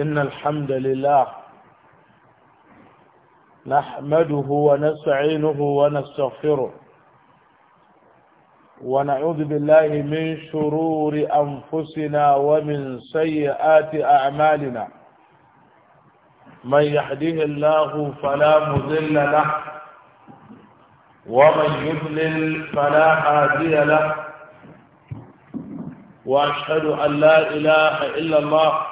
إن الحمد لله نحمده ونستعينه ونستغفره ونعوذ بالله من شرور أنفسنا ومن سيئات أعمالنا من يحديه الله فلا مذل له ومن يذلل فلا هادي له وأشهد أن لا إله إلا الله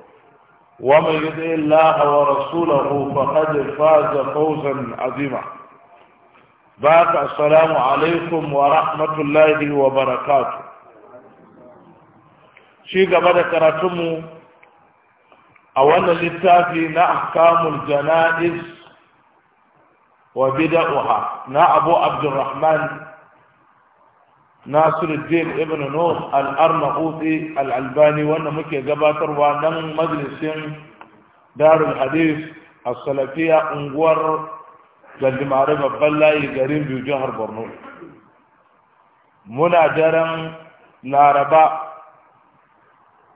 ومن يطع الله ورسوله فقد فاز فوزا عظيما بعد السلام عليكم ورحمة الله وبركاته شيء قبل كراتمو أولا للتافي نأحكام الجنائز وبدأها نا أبو عبد الرحمن nasiruddin ibn nuh al-arnaquti al-albani wanda muke gabatarwa nan majalisin darul hadith as-salafiya unguwar gandimare babban layi garin biyu jihar borno muna daren laraba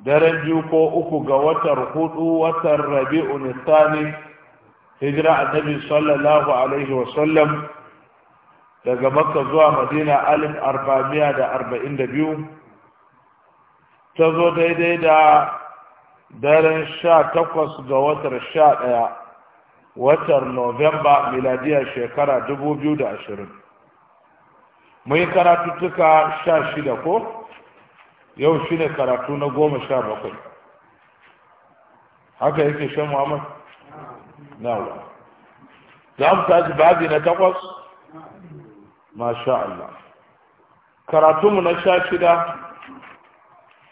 daren biyu ko uku ga watar hudu watar rabi'u nisani hijira annabi sallallahu alaihi Sallam. daga makka zuwa madina alif arba'amiya da arba'in da biyu ta zo daidai da daren sha takwas ga watar sha ɗaya watar novemba miladiya shekara dubu biyu da ashirin mun yi karatuttuka sha shida ko yau shi ne karatu na goma sha bakwai haka yake shan muhammad nawa za mu tashi babi na takwas masha Allah karatunmu na sha shida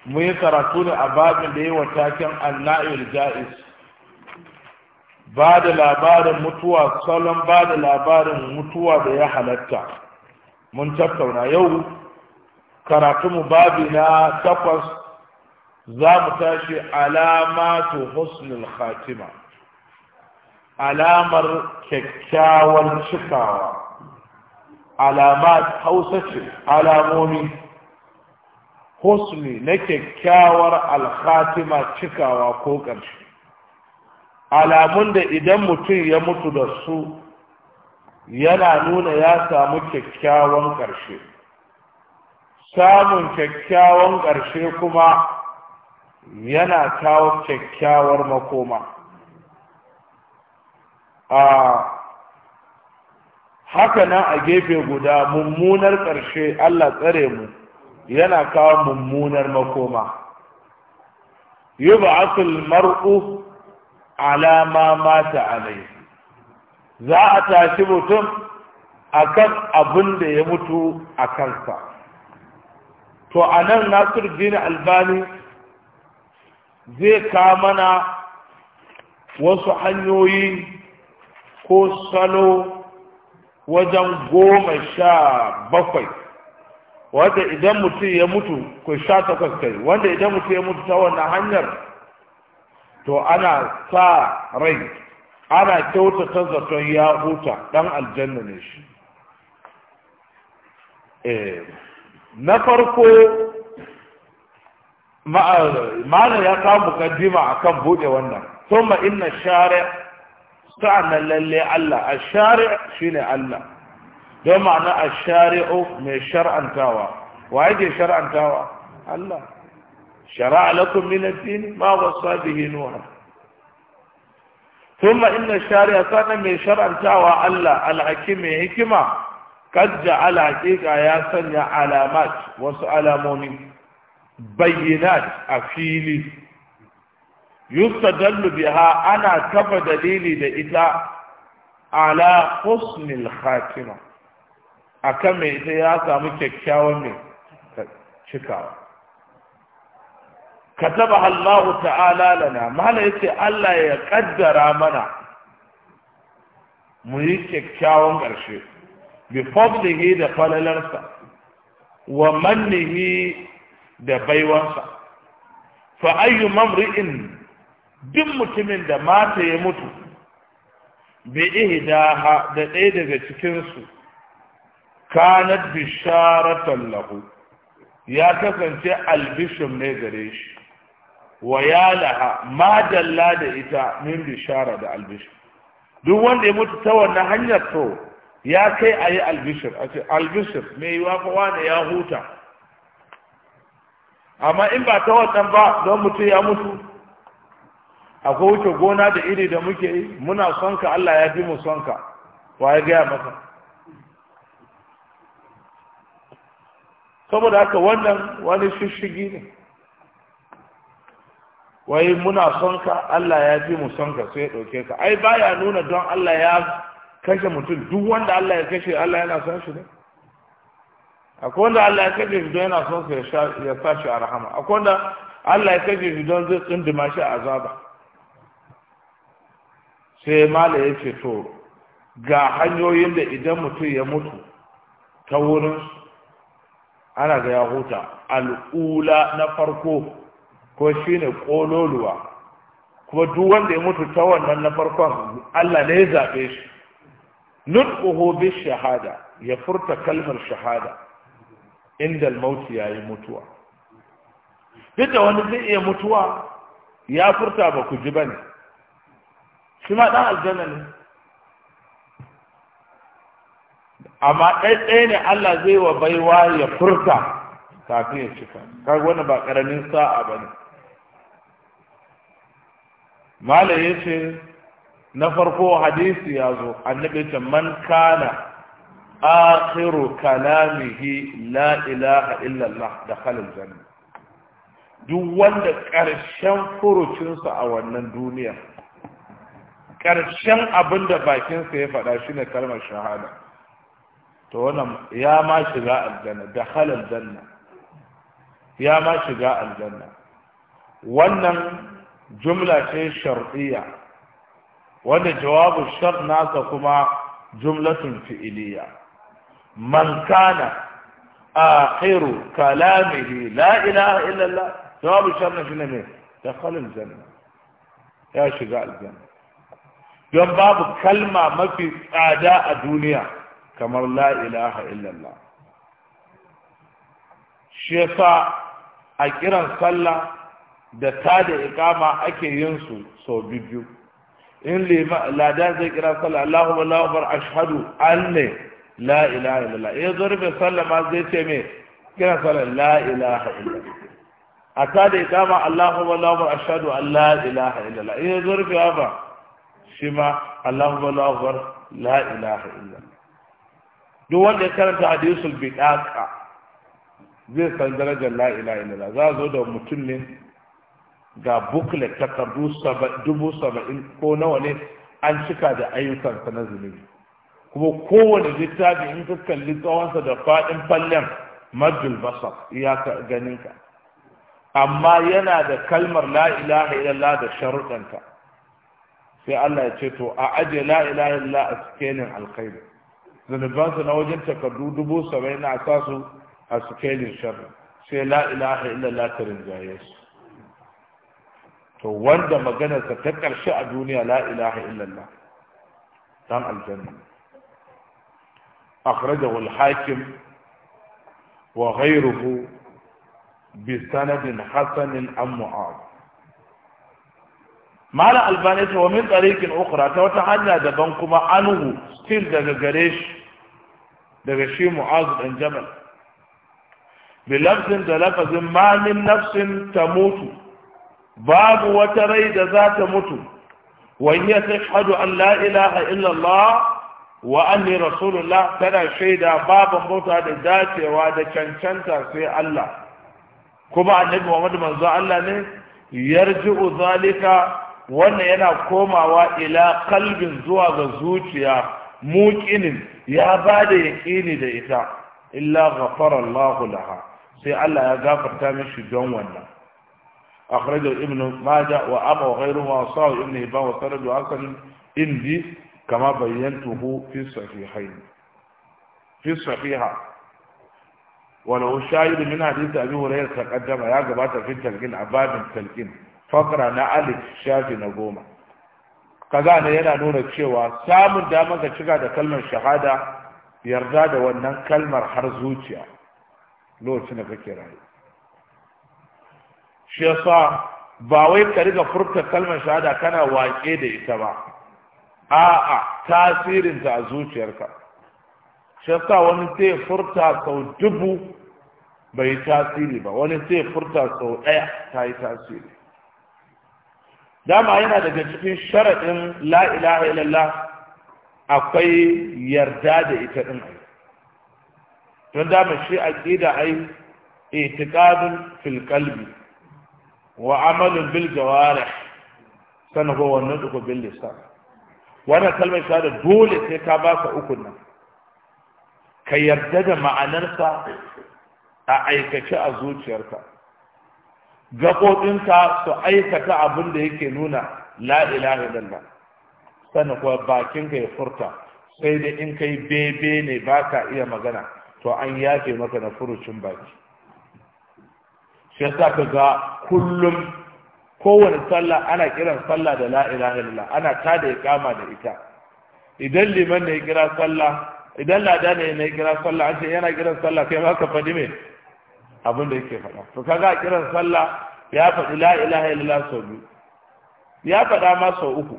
mu yi karatu ne a babin da yi wa taken anna'il ja'iz ba da labarin mutuwa salon ba da labarin mutuwa da ya halatta mun tattauna yau karatunmu babi na takwas za mu tashi alamatu husnul khatima alamar kyakkyawar cikawa alamat hausa ce alamomi husni na kyakkyawar alhatima cikawa ko ƙarshe alamun da idan mutum ya mutu da su yana nuna ya samu kyakkyawan ƙarshe samun kyakkyawan ƙarshe kuma yana kawo kyakkyawar makoma a ah, haka nan a gefe guda mummunar ƙarshe Allah tsare mu yana kawo mummunar makoma Yuba asul mar'u alama mata alai za a tashi mutum akan abin da ya mutu a kansa to anan Nasir Dini Albani zai kawo mana wasu hanyoyi ko salo wajen goma sha bakwai wanda idan mutum ya mutu kai sha takwas kai wanda idan mutum ya mutu ta wannan hanyar to ana sa rai ana kyautata zaton ya huta dan aljanna ne shi eh, na farko ma'ana eh, ya kawo mukaddima akan bude wannan thumma inna shari'a تعنى للي علا الشارع شين علا ده معنى الشارع من شرعا تاوى وعيدي شرعا تاوى علا شرع لكم من الدين ما وصى به نوحا ثم إن الشارع كان من شرعا تاوى علا الحكيم حكما قد جعل آياتا يا علامات وسألموني بينات أفيلي yustadallu biha ana kafa dalili da ita ala husnil khatima akan mai ita ya samu kyakkyawan mai cikawa kataba Allah ta'ala lana mala yace Allah ya kaddara mana mu yi kyakkyawan ƙarshe bi fadlihi da falalarsa wa mannihi da baiwansa fa ayyu mamri'in duk mutumin da mata ya mutu bi ihdaha da ɗaya daga cikinsu kanat bisharatan lahu ya kasance albishin ne gare shi wa ya laha ma dalla da ita min bishara da albishin. duk wanda ya mutu ta wannan hanyar to ya kai a yi a ce albishir mai yiwa kowa ne ya huta amma in ba ta wannan ba don mutum ya mutu akwai wuce gona da iri da muke yi muna son ka Allah ya fi mu son ka wa ya gaya maka saboda haka wannan wani shishigi ne wai muna son ka Allah ya fi mu son ka sai ya ɗauke ka ai baya nuna don Allah ya kashe mutum duk wanda Allah ya kashe Allah yana son shi ne akwai wanda Allah ya kashe shi don yana son sa ya sa shi a rahama akwai wanda Allah ya kashe shi don zai tsindima shi a azaba sai mala ya ce to ga hanyoyin da idan mutum ya mutu ta wurin ana ga ya huta al'ula na farko ko shine kololuwa kuma duk wanda ya mutu ta wannan na farkon Allah ne ya zaɓe shi nutquhu shahada ya furta kalmar shahada inda al ya yi mutuwa duk da wani zai iya mutuwa ya furta ba ku ji bane shi ma ɗan aljanna ne amma ɗaiɗaya ne Allah zai wa baiwa ya furta kafin ya cika kaga wani ba ƙaramin sa'a ba ne malam ya ce na farko hadisi ya zo annabi ce man kana akhiru kalamihi la ilaha illallah da halin janna duk wanda ƙarshen furucinsa a wannan duniyar ƙarshen abin da bakinsa ya faɗa shi ne kalmar shahada to wannan ya ma shiga aljanna da halal janna ya ma shiga aljanna wannan jumla ce shar'iyya wanda jawabu shar nasa kuma jumlatun fi'iliya man kana akhiru kalamihi la ilaha illallah jawabu shar na shi ne dakhala aljanna ya shiga aljanna don babu kalma mafi tsada a duniya kamar la ilaha illallah shi yasa a kiran sallah da ta da ikama ake yin su sau biyu in lada zai kira sallah Allahu Allahu ashadu an la ilaha illallah ya zurbe sallah ma zai ce me kira sallah la ilaha illallah a ta da ikama Allahu Allahu ashhadu an la ilaha illallah ya zurbe ba shi ma Allahu wa la ilaha illa duk wanda ya karanta hadisul bidaqa zai san darajar la ilaha illa za zo da mutum ne ga buklet takardu dubu saba'in ko nawa ne an cika da ayyukansa na zunubi kuma kowane littafi in ka kalli tsawonsa da faɗin fallen majul basar ya ganinka amma yana da kalmar la ilaha da sharuɗanta sai Allah ya ce to a aje la ilaha illa a sikelin alkhairi zunubansu na wajen takardu dubu saba'in na sa su a sikelin sharri sai la ilaha illa la ta rinjaye su to wanda maganarsa ta karshe a duniya la ilaha illallah dan aljanna akhrajahu al-hakim wa ghayruhu bi sanadin hasan an mu'adh mala albani ta wa min tariqin ta wata hanya daban kuma anhu still daga gare shi daga shi muazu dan jabal bi lafzin da lafazin ma min nafsin mutu babu wata rai da za ta mutu wa hiya tashhadu an la ilaha illa allah wa anni rasulullah tana shaida babu mota da dacewa da cancanta sai allah kuma annabi muhammad manzo allah ne yarji'u zalika wannan yana komawa ila kalbin zuwa ga zuciya muƙinin ya bada da yaƙini da ita illa ghafara Allahu laha sai Allah ya gafarta mishi don wannan akhraja ibn majah wa abu ghayruhu wa sa'u ibn hibban wa saradu akan indi kama bayyantuhu fi sahihain fi sahiha wa law shahidu min hadith abi hurairah ya gabata a fi a ababin talqin fakra na alif shafi na goma kaza ne yana nuna cewa samun damar ka cika da kalmar shahada yarda da wannan kalmar har zuciya lokacin da kake rayu shi yasa ba wai ka riga furta kalmar shahada kana waƙe da ita ba a'a tasirinta a zuciyarka shi yasa wani sai furta sau dubu bai tasiri ba wani sai furta sau ɗaya ta yi tasiri dama yana daga cikin sharaɗin la'ilaha illallah akwai yarda da ita ɗin ai don dama shi aqida ai itiqadun fil qalbi wa amalun bil jawarih ko wannan duka wannan kalmar shahada dole sai ka ba ka ukun nan ka yarda da ma'anarsa a aikace a zuciyarka gaɓoɓinka su aikata abin da yake nuna la da illallah sannan kuma bakinka ya furta sai da in kai bebe ne ba ka iya magana to an yafe maka na furucin baki shi yasa ka ga kullum kowane sallah ana kiran sallah da la da illallah ana tada ya kama da ita idan liman ne ya kira sallah idan lada ne ya kira sallah an ce yana kiran sallah kai ma ka faɗi me abin da yake faɗa to kaga a kiran sallah ya faɗi la ilaha illallah sau biyu ya faɗa ma sau uku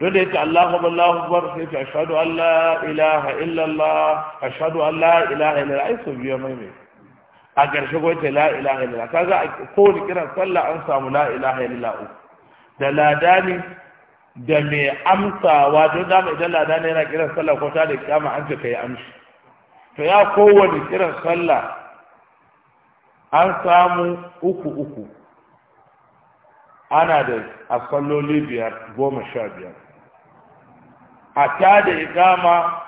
don da yake Allahu akbar Allahu akbar sai ce ashhadu an la ilaha illallah ashhadu an la ilaha illallah ai sau biyu mai mai a ƙarshe ko ce la ilaha illallah kaga a kowane kiran sallah an samu la ilaha illallah uku da ladani da mai amsawa don dama idan ladani yana kiran sallah ko ta da kiyama an ce yi amshi to ya kowane kiran sallah an samu uku uku ana da a salloli biyar goma sha biyar a ta da ikama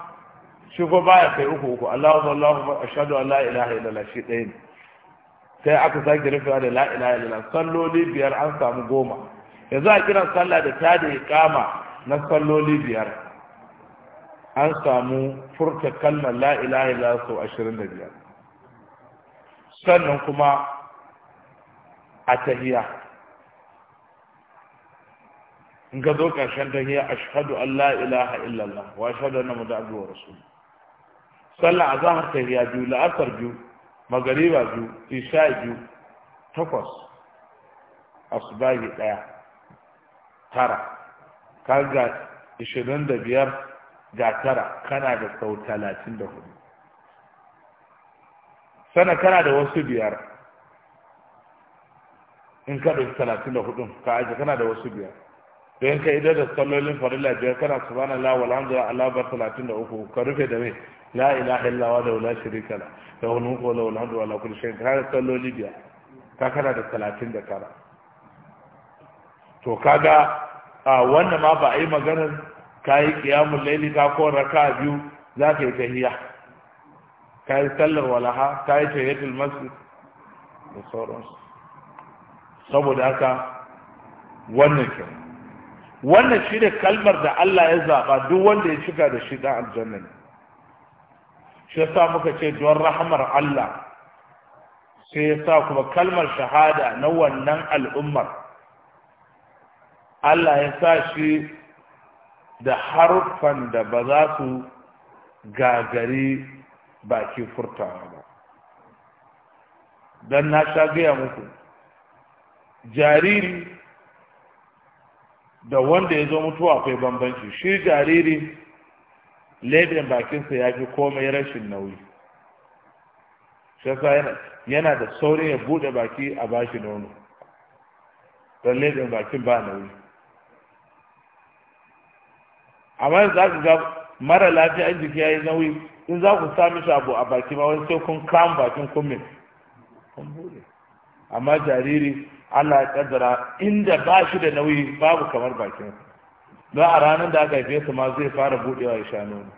shigo baya kai uku uku Allahu Allahu ashhadu an la ilaha illallah shi ɗaya ne sai aka sake rufewa da la ilaha illallah salloli biyar an samu goma yanzu a kiran sallah da ta da ikama na salloli biyar an samu furta kalmar la ilaha illallah sau ashirin da biyar sannan kuma a tahiya in ka zo ƙarshen tahiya a shahadu Allah ilaha illallah wa na mu da abduhu wa Sannan a zahar tahiya biyu la'asar biyu magariba biyu isha biyu takwas asubahi ɗaya tara kaga ishirin da biyar ga tara kana da sau talatin da hudu sana kana da wasu biyar in ka ɗauki talatin da hudun ka aji kana da wasu biyar don ka idar da sallolin farilla biyar kana subhanallah walhamdulillah Allah bar talatin da uku ka rufe da mai la ilaha illawa da wula shirika la da wani muku wala walhamdu wala kulli shayin ka da salloli biyar ka kana da talatin da kara to kaga a wannan ma ba a yi maganar ka yi kiyamun laili ka ko raka biyu za ka yi tahiya ka yi sallar walaha ka yi tahiyatul masjid da sauransu saboda haka wannan kyau wannan shi ne kalmar da Allah ya zaɓa duk wanda ya shiga da shi ɗan aljanna ne shi ya sa muka ce don rahamar Allah sai ya sa kuma kalmar shahada na wannan al'ummar Allah ya sa shi da haruffan da ba za su gagari Bakin furtawa ba don na sha gaya muku jariri da wanda ya zo mutuwa akwai bambanci shi jariri leɓen bakinsa ya fi komai rashin nauyi shasa yana da saurin ya buɗe baki a bashi nono don leɓen bakin ba nauyi amma za ka ga mara lafiya jiki ya yi nauyi in za ku sami shi abu a baki ma wani sai kun kama bakin kun kun bude amma jariri Allah ya kaddara inda ba shi da nauyi babu kamar bakin don a ranar da aka haife su ma zai fara budewa ya sha nono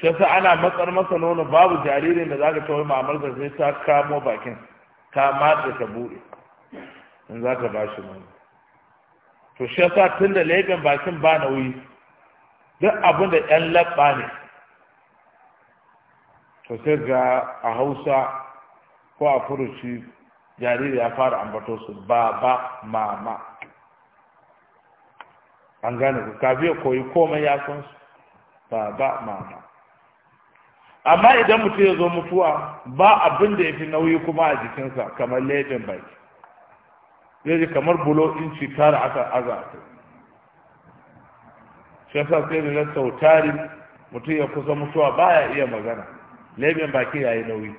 shi yasa ana matsar masa nono babu jaririn da zaka tawo mamar da zai ta kamo bakin ta matsa ta bude in zaka ba shi nono to shi yasa tun da legan bakin ba nauyi duk abin da yan labba ne to sai ga a hausa ko a furuci jariri ya fara ambato su baba mama an gane ku kafin ya koyi komai ya san su baba mama amma idan mutum ya zo mutuwa ba abin da ya fi nauyi kuma a jikinsa kamar laifin baki zai ji kamar bulo inci tara aka aza a shi yasa sai da na sautari mutum ya kusa mutuwa baya iya magana leɓen baki ya yi nauyi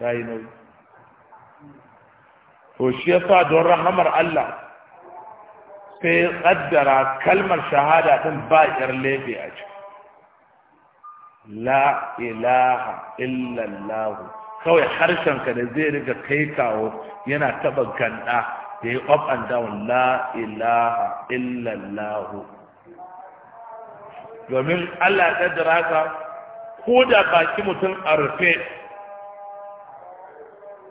ya yi nauyi to shi yasa don rahamar Allah sai kaddara kalmar shahada din ba yar lebe a ciki la ilaha illallahu, kawai harshenka da zai riga kai kawo yana taɓa ganda da ya up and down la ilaha illallahu domin Allah ya kaddara ka ko da baki mutum a rufe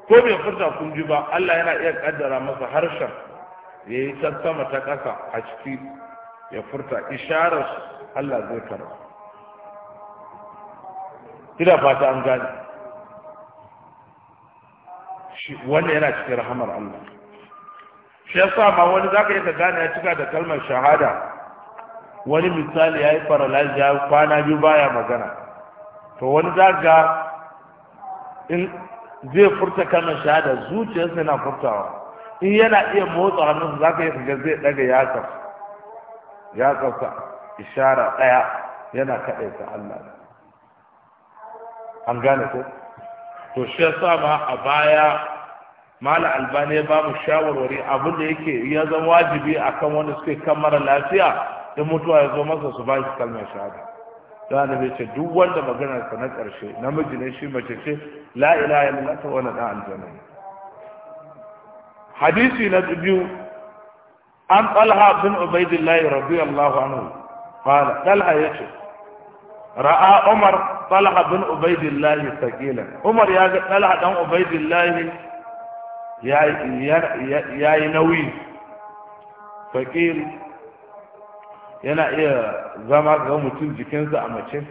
ko bai furta kun ba Allah yana iya ƙaddara masa harshen ya yi ta sama ta ƙasa a ciki ya furta isharar Allah zai karba ina fata an gane wannan yana cikin rahamar Allah shi yasa ma wani ka yi ka gane ya cika da kalmar shahada wani misali ya yi paralyze ya kwana biyu baya magana to wani za ga in zai furta kalmar shahada zuciyarsa yana furtawa in yana iya motsa hannunsa za ka yi ga zai daga yatsar yatsarsa ishara ɗaya yana kaɗaita Allah an gane ko to shi yasa ma a baya mala albani ya bamu shawarwari abin da yake ya zama wajibi a kan wanda suke kan mara lafiya in mutuwa ya zo masa su ba shi kalmar shahada da annabi ce duk wanda maganar sa na karshe namiji ne shi mace ce la ilaha illallah wani da aljanna hadisi na biyu an talha bin Ubaidillahi radiyallahu anhu qala talha yace ra'a umar talha bin Ubaidillahi sakilan umar ya ga talha dan Ubaidillahi. ya yi nauyi fakir yana iya zama ga mutum jikinsa a mace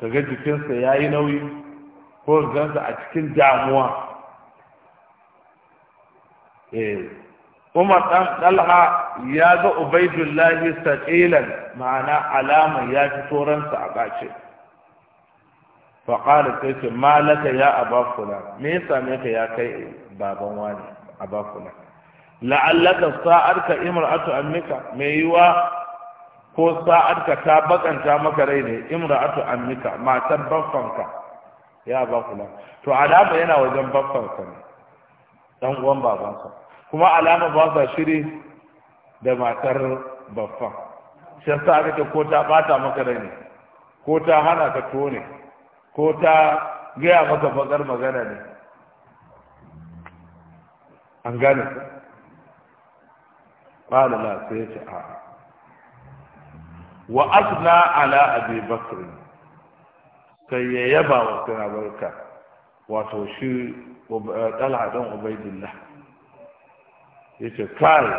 ga jikinsa ya yi nauyi ko gansa a cikin damuwa eh, umar ɗan ɗalha ya ga ubaidullahi saƙilan ma'ana alama ya fi toransa a ƙace. faƙali sai ce malaka ya aba fula me ya same ka ya kai baban wani aba fula la'allaka sa'arka imra'atu ammika mai yiwa ko sa'arka ta bakanta maka rai ne imra'atu ammika matar baffanka ya aba fula to alama yana wajen baffanka ne dan uwan babansa kuma alama ba sa shiri da matar baffan shi yasa aka ko ta bata maka rai ne ko ta hana ka tuwo ne ko ta gaya maka bakar magana ne an gane ku ƙwada la ya ce a wa asna ala abi bakr sai ya yaba wa barka, wato shi talha don ubaidillah ya ce kai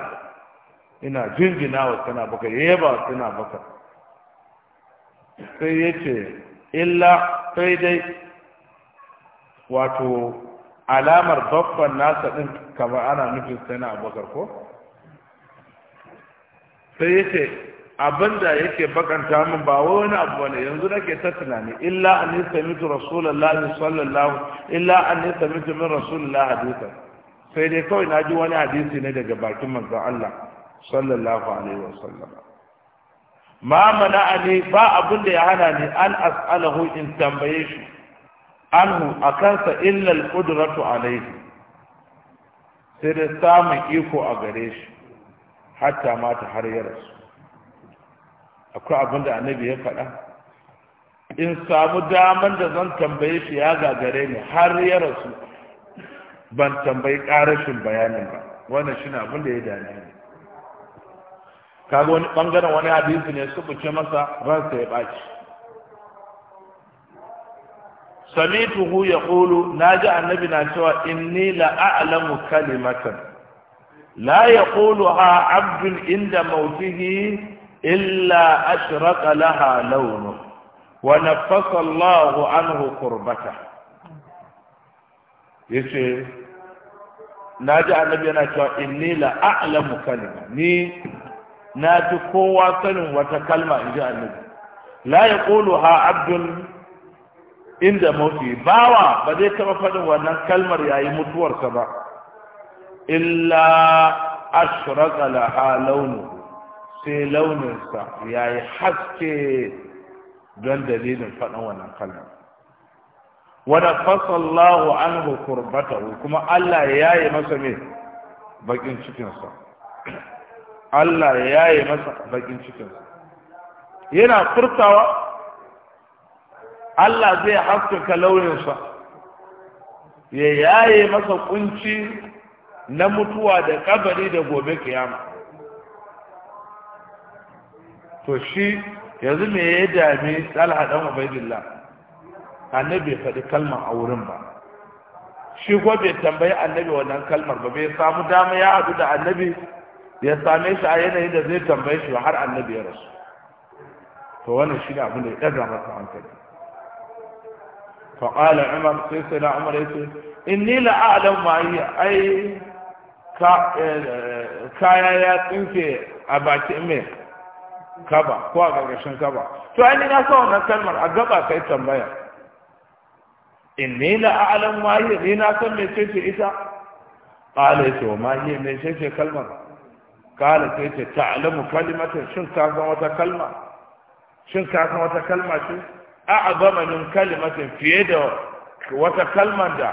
ina jirgina wa suna baka yaba wa suna baka sai ya ce illa sai dai wato alamar babban nasa din kamar ana nufin sai na abubakar ko sai yake abin da yake bakanta min ba wani abu ne yanzu nake ta tunani illa an yi samitu rasulullahi sallallahu illa an yi samitu min rasulullahi hadisa sai dai kawai na ji wani hadisi ne daga bakin manzon Allah sallallahu alaihi wasallam ma mana'ani ba abin da ya hana ni an as'alahu in tambaye shi anhu a kansa illal qudratu alaihi sai da samun iko a gare shi hatta mata har ya rasu akwai abin da annabi ya faɗa in samu daman da zan tambaye shi ya gagare ni har ya rasu ban tambayi ƙarashin bayanin ba wannan shi abin da ya dame ne. kaga wani bangaren wani hadisi ne su buce masa ransa ya baci samituhu na ji annabi na cewa inni la a'lamu kalimatan la ha Abdul inda mautihi illa ashraqa laha launu wa naffasa Allahu anhu qurbata yace ji annabi yana cewa inni la a'lamu kalima ni na fi kowa sanin wata kalma in ji annabi la ya ƙulu ha abdul inda mafi bawa ba zai taɓa faɗin wannan kalmar yayi mutuwarsa ba illa ashraka laha launu sai launinsa yayi haske don dalilin faɗin wannan kalmar wada fasallahu anhu kurbatahu kuma Allah ya yaye masa ne bakin cikinsa Allah ya yaye masa bakin cikin yana furtawa Allah zai haskaka launinsa ya yaye masa kunci na mutuwa da kabari da gobe kiyama to shi yanzu me ya dame talha dan ubaidillah annabi faɗi kalmar a wurin ba shi ko tambayi annabi wannan kalmar ba bai samu dama ya haɗu da annabi ya same shi a yanayin da zai tambaye shi har annabi ya rasu to wannan shi ne ɗan da ya ɗaga masa hankali faƙala umar sai sai na umar ya ce ni la a'lam ma yi ai eh, kaya ya tsinke a bakin mai kaba ko a gargashin kaba to ai ni na sa wannan kalmar a gaba kai tambaya in ni la a'lam ma yi ni na san me ce ita qala ya ce ma yi me ce kalmar kala sai ce ta'lamu kalimatan shin ka san wata kalma shin ka san wata kalma ce a'zama min kalimatin fiye da wata kalman da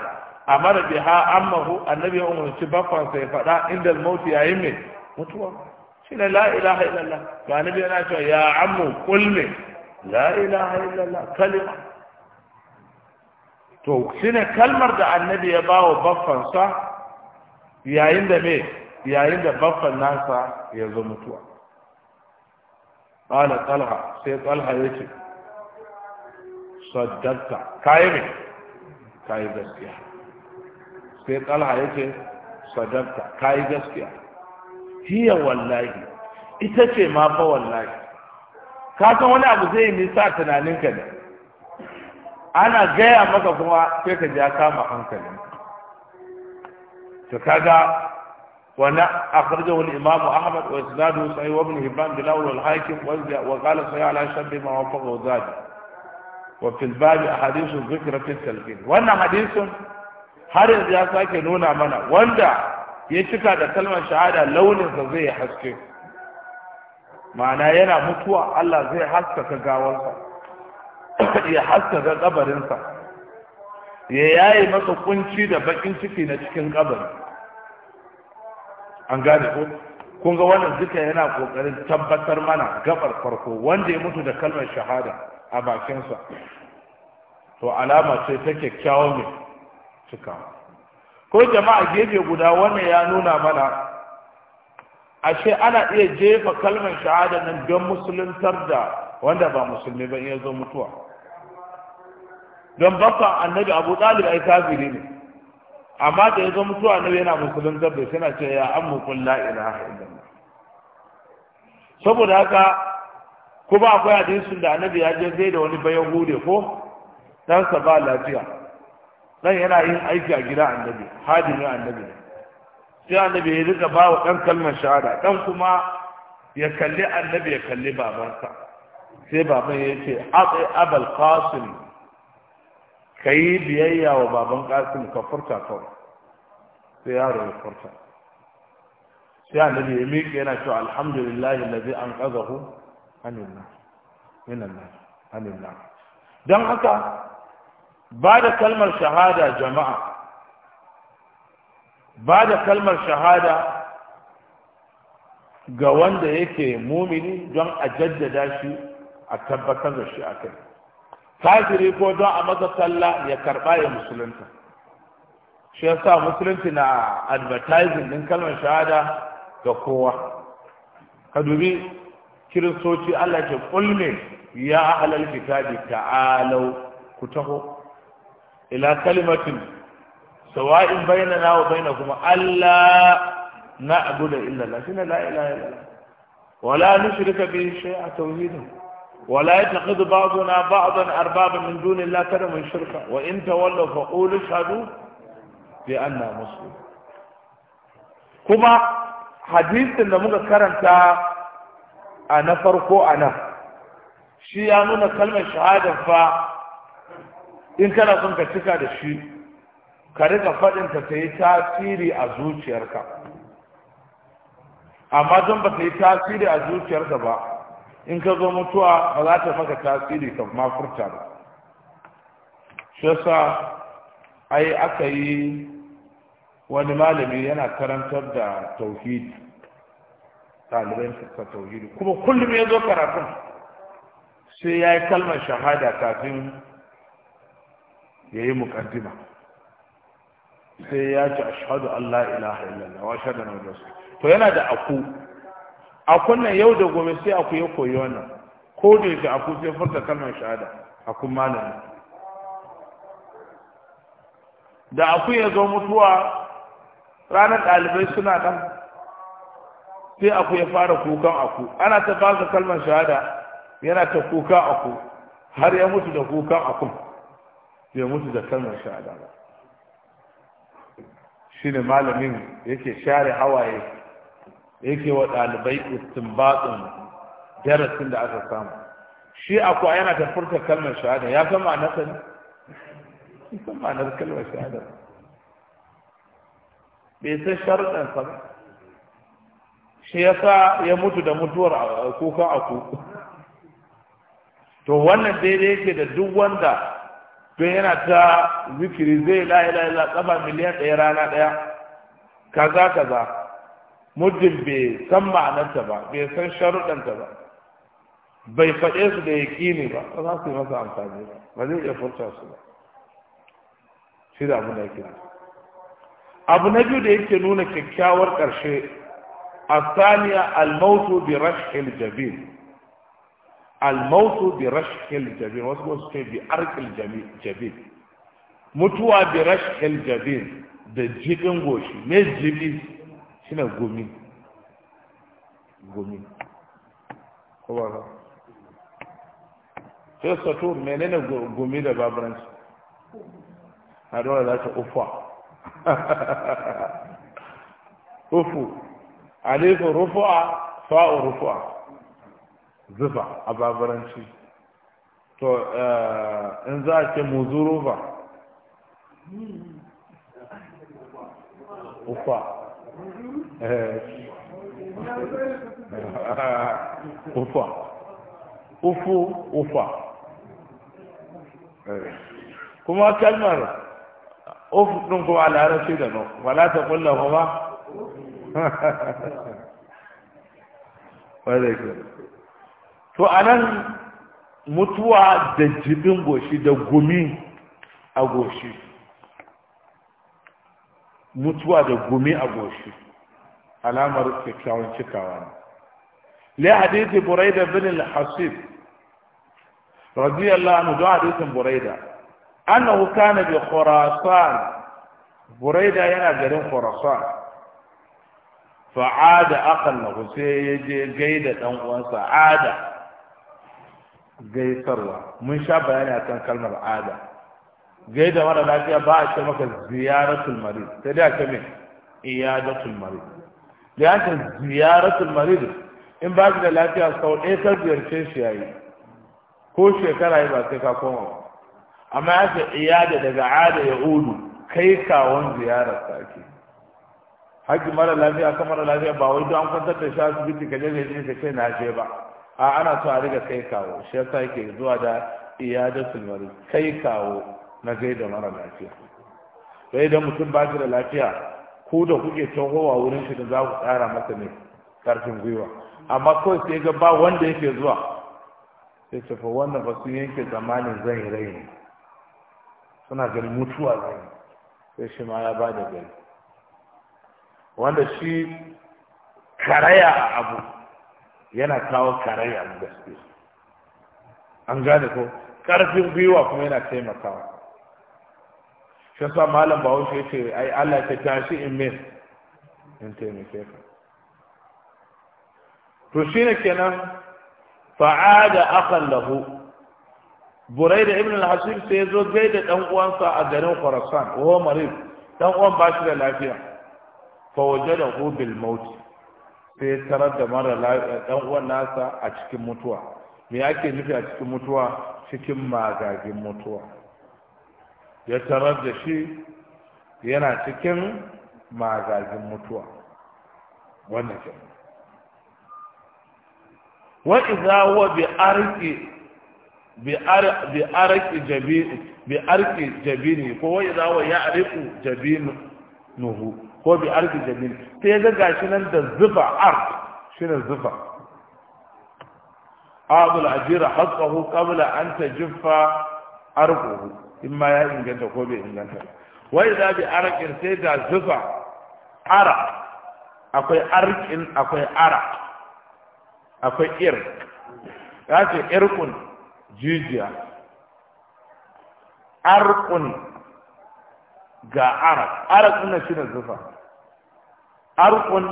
amara biha ammahu annabi ya umarci baffan sai fada inda al-maut yayin me? mutuwa shine la ilaha illallah to annabi yana cewa ya ammu qul me la ilaha illallah kalima to shine kalmar da annabi ya bawa baffansa yayin da me yayin da babban nasa ya zo mutuwa qala talha sai talha yace saddaqta kai ne kai gaskiya sai talha yace saddaqta kai gaskiya hiya wallahi ita ce ma fa wallahi ka san wani abu zai yi nisa tunaninka ne ana gaya maka kuma sai ka ja kama hankalinka to kaga ونا أخرجه الإمام أحمد وإسناده صحيح وابن هبان بلاول والحاكم وقال صحيح على شبه ما وفقه ذلك وفي الباب أحاديث ذكر في التلقين وانا حديث هر يا ساكي نونا منا وانا يتكى دا كلمة شهادة لون زي حسكي معنى ينا متوى الله زي يا كاوانسا يحسكة انت يا يأي مصر كنشي دا بكنشي في نشكين كابر an gane ko kun ga wannan duka yana kokarin tabbatar mana gabar farko wanda ya mutu da kalmar shahada a bakinsa to alama ce ta kyakkyawar mai cika ko jama'a gefe guda wannan ya nuna mana ashe ana iya jefa kalmar shahada nan don musuluntar da wanda ba musulmi ba ya zo mutuwa don bafa annabi abu talib ai kafiri ne amma da ya zo mutuwa ne yana musulun zabbe suna ce ya ammu qul la ilaha illallah saboda haka kuma akwai hadisin da annabi ya je sai da wani bayan hude ko dan sa ba lafiya dan yana yin aiki a gida annabi hadimin annabi sai annabi ya rika ba wa dan kalmar shahada dan kuma ya kalli annabi ya kalli babansa sai baban ya ce abal qasim ka yi biyayya wa baban kasim ka furta kawai sai yaro ya furta sai annabi ya miƙe yana cewa alhamdulillahi allazi an qazahu anin nar minan nar anin haka ba da kalmar shahada jama'a ba da kalmar shahada ga wanda yake mumini don a jaddada shi a tabbatar da shi a kai kafiri ko don a masa sallah ya karɓa ya musulunta shi ya sa musulunci na advertising din kalmar shahada ga kowa ka dubi kiristoci Allah ke ƙulme ya ahlal kitabi ta'alau ku taho ila kalimatin sawa'in na wa kuma Allah na illa da shine shi ne illa Allah wala nushrika bihi shay'a tauhidin ولا يتخذ بعضنا بعضا أربابا من دون الله كان من شركة وإن تولوا فقولوا اشهدوا بأننا مسلم كما حديث لما كرنتا أنا فرقو أنا shi ya nuna kalmar shahadar fa in kana son ka cika da shi ka rika faɗinta ta yi tasiri a zuciyarka amma don ba ta yi tasiri a zuciyarka ba in ka zo mutuwa ba za ta maka tasiri ka ma furta ba shi yasa ai aka yi wani malami yana karantar da tauhidi ɗaliban ta tauhidi kuma kullum ya zo karatun sai ya yi kalmar shahada kafin ya yi mukaddima sai ya ci ashadu Allah ilaha illallah wa shaɗa na wajen to yana da aku a kunnan yau da gobe sai aku ya koyi wannan ko da yake aku sai furta kalmar shahada a kun malami da aku ya zo mutuwa ranar ɗalibai suna ɗan sai aku ya fara kukan aku ana ta fara kalmar shahada yana ta kuka aku har ya mutu da kukan aku ya mutu da kalmar shahada ba shine malamin yake share hawaye da yake wa ɗalibai batsun darasin da aka samu shi akwa yana ta furta kalmar shahada ya san ma'anar ta ne ya san ma'anar kalmar shahada bai san sharuɗan sa ba shi ya sa ya mutu da mutuwar a aku to wannan daidai yake da duk wanda don yana ta zikiri zai la ilaha illa tsaba miliyan ɗaya rana ɗaya kaza kaza muddin bai san ma'anarta ba bai san sharuɗanta ba bai faɗe su da yaƙini ba ba za su yi masa amfani ba ba zai iya furta su ba shi da abu na yake abu na biyu da yake nuna kyakkyawar ƙarshe bi الموت برشح wasu الموت su الجبين bi arkil jabin mutuwa bi rashil jabin da jibin goshi ne jibi shine gumi gumi ko ba ka sai sato menene gumi da baburanci A dole za ta ufa ufu alifu rufu'a fa'u rufu'a zufa a baburanci to eh, in za a ce muzuru ba ufa Eh. ufa ufu ufa eh. kuma kalmar ufu ɗin kuma a larabci da no wala ta kulla kuma to a nan mutuwa da jibin goshi da gumi a goshi mutuwa da gumi a goshi alamar kyakkyawan cikawa ne le hadisi buraida bin al-hasib radiyallahu anhu da hadisin buraida annahu kana bi khurasan buraida yana garin khurasan fa'ada akan na sai ya je gaida ɗan uwansa ada gaisarwa mun sha bayani akan kalmar ada gai da mara lafiya ba a ce maka ziyaratul marid sai dai a ce mai iyadatul marid da ya ce ziyaratul marid in ba da lafiya sau ɗaya ka ziyarce shi yi, ko shekara yi ba sai ka koma amma ya ce iyada daga ada ya udu kai kawon ziyarar ta ke, haƙƙi mara lafiya kan mara lafiya ba wai don kwantar da shi asibiti ka je ne ka ce na je ba a ana so a riga kai kawo shi ya sa yake zuwa da iyadatul marid kai kawo na gaida mara lafiya sai da mutum ba shi da lafiya ku da kuke tohowa wurin shi da za ku tsara masa ne karfin gwiwa amma kawai sai ga ba wanda yake zuwa sai tafi wannan ba sun yanke zamanin zan yi rai ne suna ganin mutuwa zan yi sai shi ma ya ba da gari wanda shi karaya a abu yana kawo karaya a gaske an gane ko karfin gwiwa kuma yana taimakawa Ka sa malam ba ya ce ai Allah ta tashi in min in taimake ka to shine kenan fa'ada akan lahu burai da ibn al-hasib sai zo gai da dan uwansa a garin khurasan wa marid dan uwan ba shi da lafiya fa wajada hu bil maut sai tarar da mara dan uwan nasa a cikin mutuwa me yake nufi a cikin mutuwa cikin magagin mutuwa ya tarar da shi yana cikin magajin mutuwa wannan ke wa idza huwa bi arqi bi arqi jabi bi arqi jabini ko wa idza huwa ya'riqu jabinuhu ko bi arqi jabini sai ga gashi nan da zuba arq shine zufa abul ajira haqqahu qabla an tajfa arquhu in ma ya inganta ko bai inganta ba wai za bi arakin sai da zufa ara akwai arkin akwai ara akwai ir ya ce irkun jijiya arkun ga arak arak ina shi da zufa arkun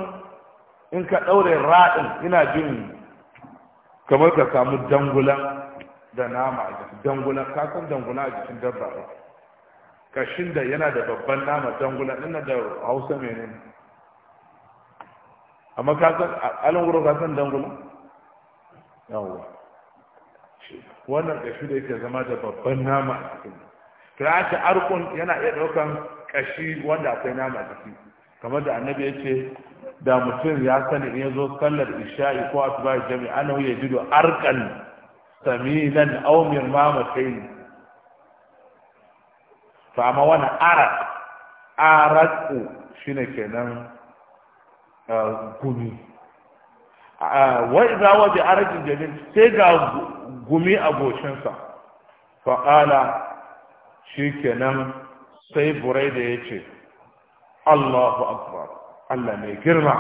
in ka ɗaure ra'in ina jin kamar ka samu dangulan da nama a jikin dangula kasan dangula a jikin dabba ba kashin da yana da babban nama dangula ina da hausa menene amma kasan alin wuro ka san dangula yawwa wannan kashi da yake zama da babban nama a jikin Kira ta arkun yana iya daukan kashi wanda akwai nama a jiki kamar da annabi ya ce da mutum ya sani in ya zo sallar isha'i ko asuba jami'a nahu ya jido arkan samilan aw mirmamatayn to amma wani arak araku shine kenan gumi wai za waje arakin jabin sai ga gumi a goshinsa faƙala shi kenan sai burai da ya ce allahu akbar allah mai girma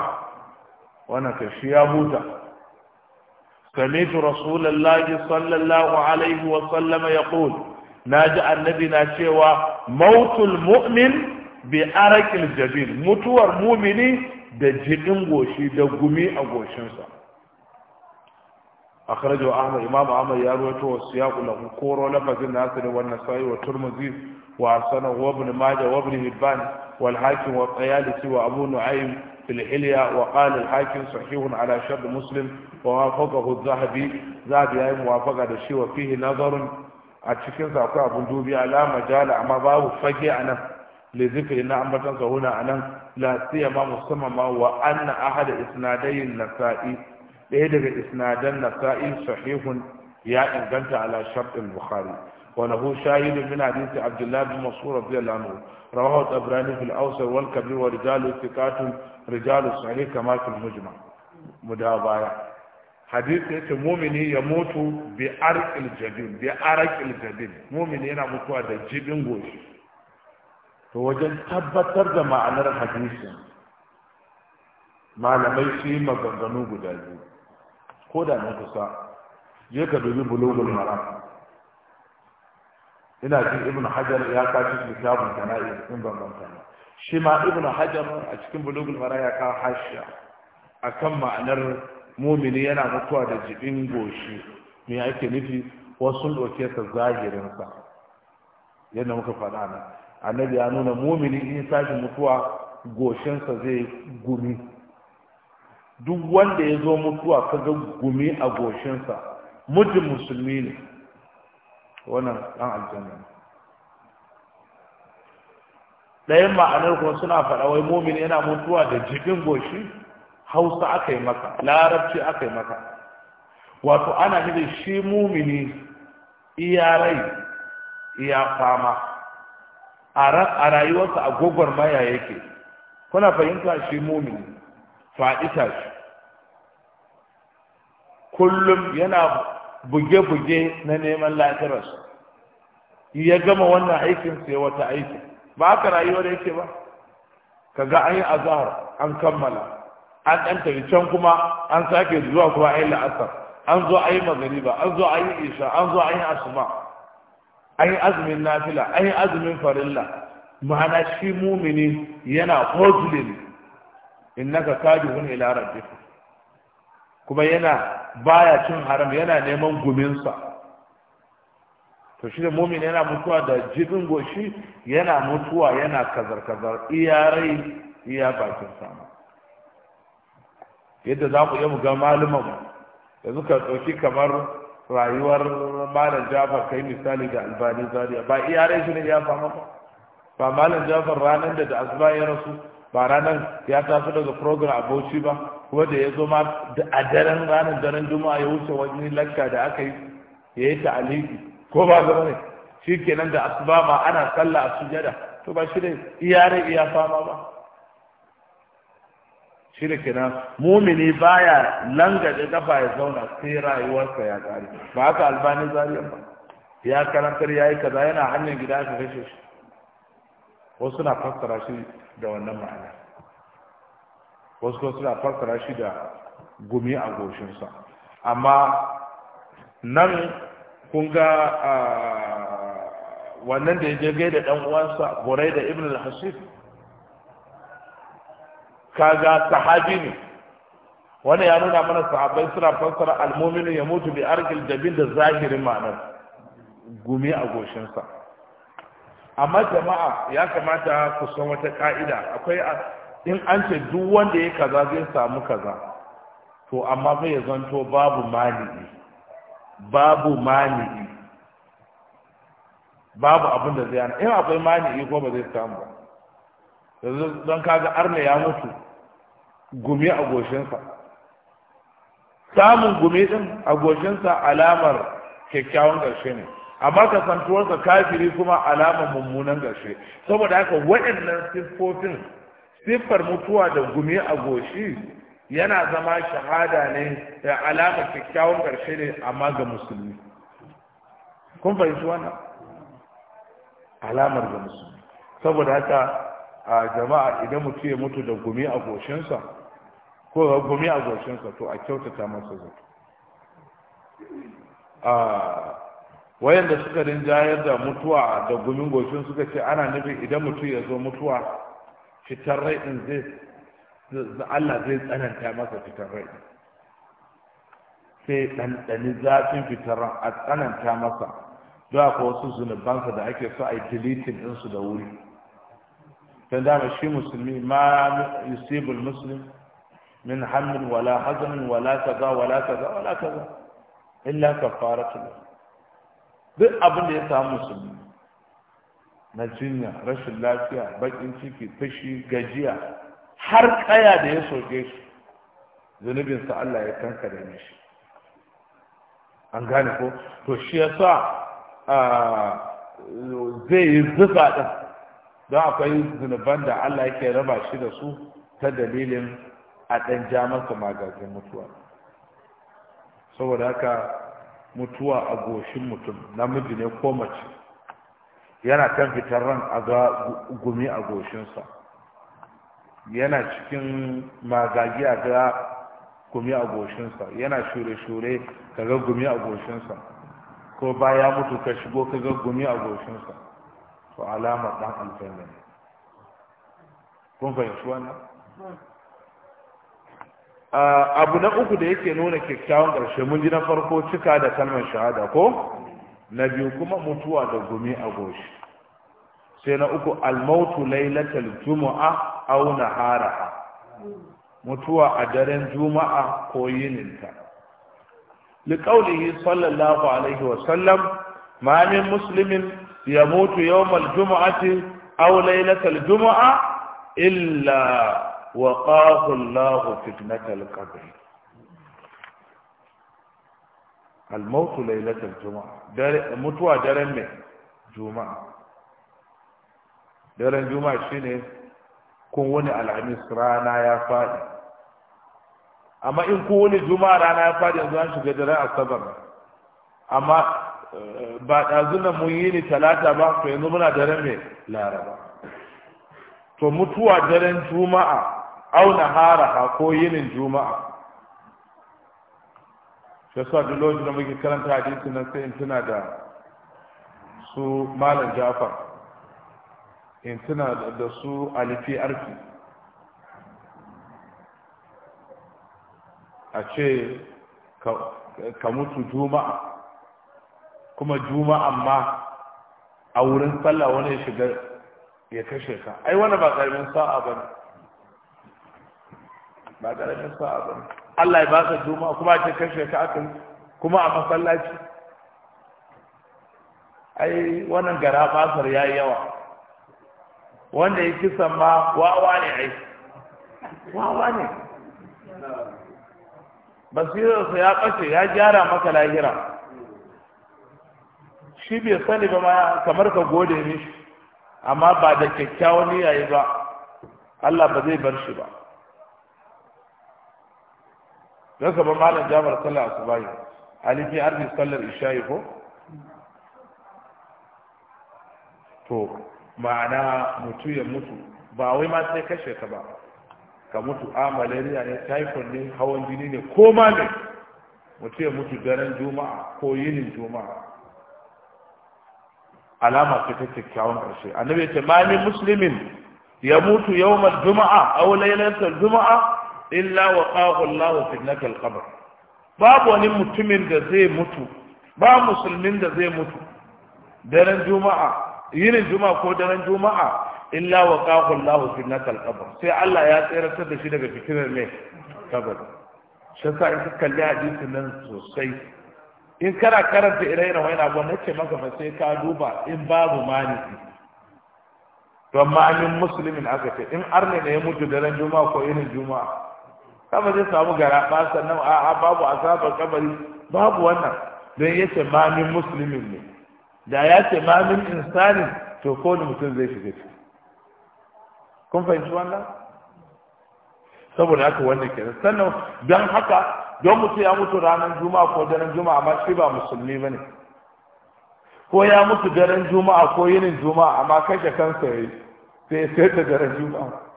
wannan ka shi ya huta سمعت رسول الله صلى الله عليه وسلم يقول ناجع النبي ناشيوا موت المؤمن بأرك الجبين متور مؤمني da jikin goshi da gumi a goshinsa a karajo ahmad imam ahmad ya ruwaito wa siyaku lahu koro lafazin nasu wannan sa'i wa turmuzi wa sana wa ibn maja wa ibn hibban wal hakim wa tsayalisi wa abu nu'aym fil hilya wa qala al hakim sahihun ala shart muslim wafakahu zahabi zahabi ya yi muwafaka da shi wa fihi nazarun a cikin sa akwai abun dubi alama jala amma babu fage a nan lizikiri na ambatan sahuna a nan la siyama musamman ma wa anna ahada isnadai nasa'i ɗaya daga isnadan nasa'i sahihun ya inganta ala shartin bukhari wa nahu shahidu min hadisi abdullah bin mas'ud radiyallahu anhu rawahu ibrahim fil awsar wal kabir wa rijalu thiqatun rijalu sahih kama fil mujma mudawaya hadisi yace mumini ya mutu bi arqil jabin bi arqil jabin mumini yana mutuwa da jibin goshi to wajen tabbatar da ma'anar hadisin malamai su yi maganganu guda biyu ko da na kusa je ka dubi bulugul maram ina jin ibn hajar ya kaci kitabun tana'i in ban ban shi ma ibn hajar a cikin bulugul maram ya kawo hashiya akan ma'anar mumini yana mutuwa da jibin goshi me ake nufi wasu ɗauke sa zahirinsa yadda muka faɗa nan annabi ya nuna mumini in sashi mutuwa goshinsa zai gumi duk wanda ya zo mutuwa ka ga gumi a goshinsa muddin musulmi ne wannan ɗan aljanna ɗayan ma'anar kuma suna faɗa wai mumini yana mutuwa da jibin goshi hausa aka yi maka larabci aka yi maka wato ana nufin shi mumini iya rai iya fama a rayuwarsa a maya yake kuna fahimta shi mumini fa'ita shi kullum yana buge-buge na neman lafiyarsa ya gama wannan aikin sai wata aiki ba ka rayuwar yake ba ka ga an yi azahar an kammala an ɗan tafi can kuma an sake zuwa kuma yi la'asar an zo ayi magariba an zo ayi isha an zo ayi an yi azumin nafila yi azumin farilla ma'ana shi mumini yana hozulin innaka wani ilarar rabbika kuma yana baya cin haram yana neman guminsa to shi da mumin yana mutuwa da jibin goshi yana mutuwa yana kazar-kazar iya rai iya bakin sama. yadda za ku iya mu ga mu da suka ɗauki kamar rayuwar malam jafar kai misali ga albani zaria ba iyarai shi ne ya fama ba ba malam jafar ranar da da asuba ya rasu ba ranar ya taso daga program a bauchi ba kuma da ya zo ma a daren ranar daren juma'a ya wuce wani lakka da aka yi ya yi ta ta'aliki ko ba zama ne shi kenan da asuba ma ana sallah a sujada to ba shi ne iyarai iya fama ba shine kina mumini baya langaje kafa ya zauna sai rayuwarsa ya kare ba haka albani zariya ba ya karantar ya yi kaza yana hanyar gida aka kashe shi wasu na fassara shi da wannan ma'ana wasu kuma suna fassara shi da gumi a goshinsa amma nan kun ga ah, wannan da ya je gaida dan uwansa burai da ibn al-hasib kaga sahabi ne Wani ya nuna mana sahabai suna fassara almominu ya mutu bi arkil jabin da zahirin ma'anar gumi a goshinsa amma jama'a ya kamata ku san wata ka'ida akwai in an ce duk wanda ya kaza zai samu kaza to amma bai ya zanto babu mani'i babu mani'i babu abin da zai yana in akwai mani'i ko ba zai samu ba don kaga arna ya mutu gumi a goshinsa samun gumi din a goshinsa alamar kyakkyawan ƙarshe ne amma kasantuwarsa kafiri kuma alamar mummunan ƙarshe saboda haka waɗannan siffofin siffar mutuwa da gumi a goshi yana zama shahada ne da alamar kyakkyawan ƙarshe ne amma ga musulmi kun fahimci wannan alamar ga musulmi saboda haka a jama'a idan mutu ya mutu da gumi a goshinsa ko gumi a zuwacinsa to a kyautata masa zato a wayanda suka rinjayar da mutuwa da gumin goshin suka ce ana nufin idan mutum ya zo mutuwa fitar rai zai Allah zai tsananta masa fitar rai sai ɗanɗani zafin fitar a tsananta masa don ko wasu zunubansa da ake so a yi deletin ɗinsu da wuri don dama shi musulmi ma yusibul musulmi. min hammin wala hazamin wala kaza wala kaza wala kaza illa kafaratu duk abin da ya samu su na jinya rashin lafiya bakin ciki fashi gajiya har kaya da ya soke shi zunubinsa Allah ya kankare mishi an gane ko to shi ya sa zai yi zuba ɗin don akwai zunuban da Allah yake raba shi da su ta dalilin a ɗan ja masa magajin mutuwa saboda haka mutuwa a goshin mutum namiji ne ko mace yana kan fitar ran a ga gumi a goshinsa yana cikin magagi a ga gumi a goshinsa yana shure-shure ka ga gumi a goshinsa ko baya mutu ka shigo ka ga gumi a goshinsa to alamar ɗan aljanna ne kun fahimci wannan hmm. abu na uku da yake nuna kyakkyawan ƙarshe mun ji na farko cika da kalmar shahada ko na biyu kuma mutuwa da gumi a goshi sai na uku almautu lailatul juma'a aw naharaha mutuwa a daren juma'a ko yininta liqaulihi sallallahu alaihi wa sallam ma min muslimin yamutu yawmal juma'ati aw lailatul juma'a illa wa qahul lahu fitnatal qabr al maut laylatul juma'a dare mutuwa daren me juma'a daren juma'a shine kun wani alhamis rana ya faɗi amma in kun wani juma'a rana ya faɗi yanzu an shiga daren asabar amma ba ɗazunan mun yi ni talata ba to yanzu muna daren mai laraba to mutuwa daren juma'a au haraha ko yinin juma'a shi yasa duk lokacin da muke karanta hadisi nan sai in tuna da su malam jafar in tuna da su alifi arki a ce ka mutu juma'a kuma juma'a ma a wurin sallah wani ya shiga ya kashe ka ai wani ba karamin sa'a ba ne ba karamin sa'a ba Allah ya baka juma'a kuma ta kashe ka yi kuma a masallaci ai wannan gara basar yi yawa wanda ya kisan ma wawa ne ai wawa ne basirarsa ya ɓace ya gyara maka lahira shi bai sani ba ma kamar ka gode mishi amma ba da kyakkyawan yayi ba Allah ba zai bar shi ba don ka ba malam jamar sallar asubahi alifi arzi sallar isha'i ko to ma'ana mutu ya mutu ba wai ma sai kashe ka ba ka mutu a malaria ne typhoid ne hawan jini ne ko ma ne mutu ya mutu daren juma'a ko yinin juma'a alama ce ta kyakkyawan ƙarshe annabi ya ce ma ni muslimin ya mutu yawmal juma'a aw lailatul juma'a illa wa qahu Allah fitnatul qabr babu wani mutumin da zai mutu ba musulmin da zai mutu daren juma'a yinin juma'a ko daren juma'a illa wa qahu Allah fitnatul qabr sai Allah ya tsiratar da shi daga fitinar mai kabari shi sa in kalli hadisin nan sosai in kana karanta ire-iren wani abu na ce maka ba sai ka duba in babu maniki don yi musulmin aka ce in arne ne ya mutu daren juma'a ko irin juma'a kama zai samu gara ba sannan a babu azabar kabari babu wannan don ya ce mamin musulmin ne da ya ce mamin insanin to ko ni mutum zai shiga ciki kun fahimci wannan saboda haka wannan kenan sannan don haka don mutum ya mutu ranar juma'a ko daren juma'a amma shi ba musulmi ba ne ko ya mutu daren juma'a ko yinin juma'a amma kashe kansa ya yi sai sai da daren juma'a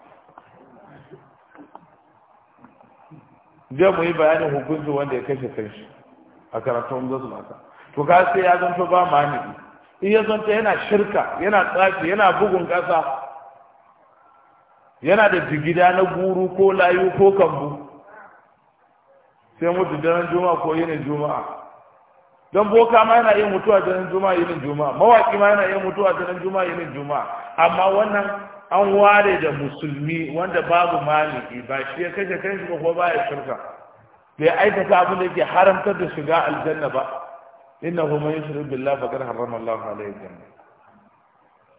zai mu yi bayanin hukuncin wanda ya kashe kanshi a karatun zasu mata to ka sai ya zanto ba mani in ya zanto yana shirka yana tsafi yana bugun kasa yana da jigida na guru ko layu ko kambu sai mutu daren juma'a ko yinin juma'a don boka ma yana iya mutuwa daren juma'a yinin juma'a mawaki ma yana iya mutuwa daren juma'a yinin juma'a amma wannan an ware da musulmi wanda babu maliki ba shi ya kashe kanshi ba kuma baya shirka bai aikata abin da yake haramtar da shiga aljanna ba Inna huma yushrik billahi faqad harrama Allah alayhi janna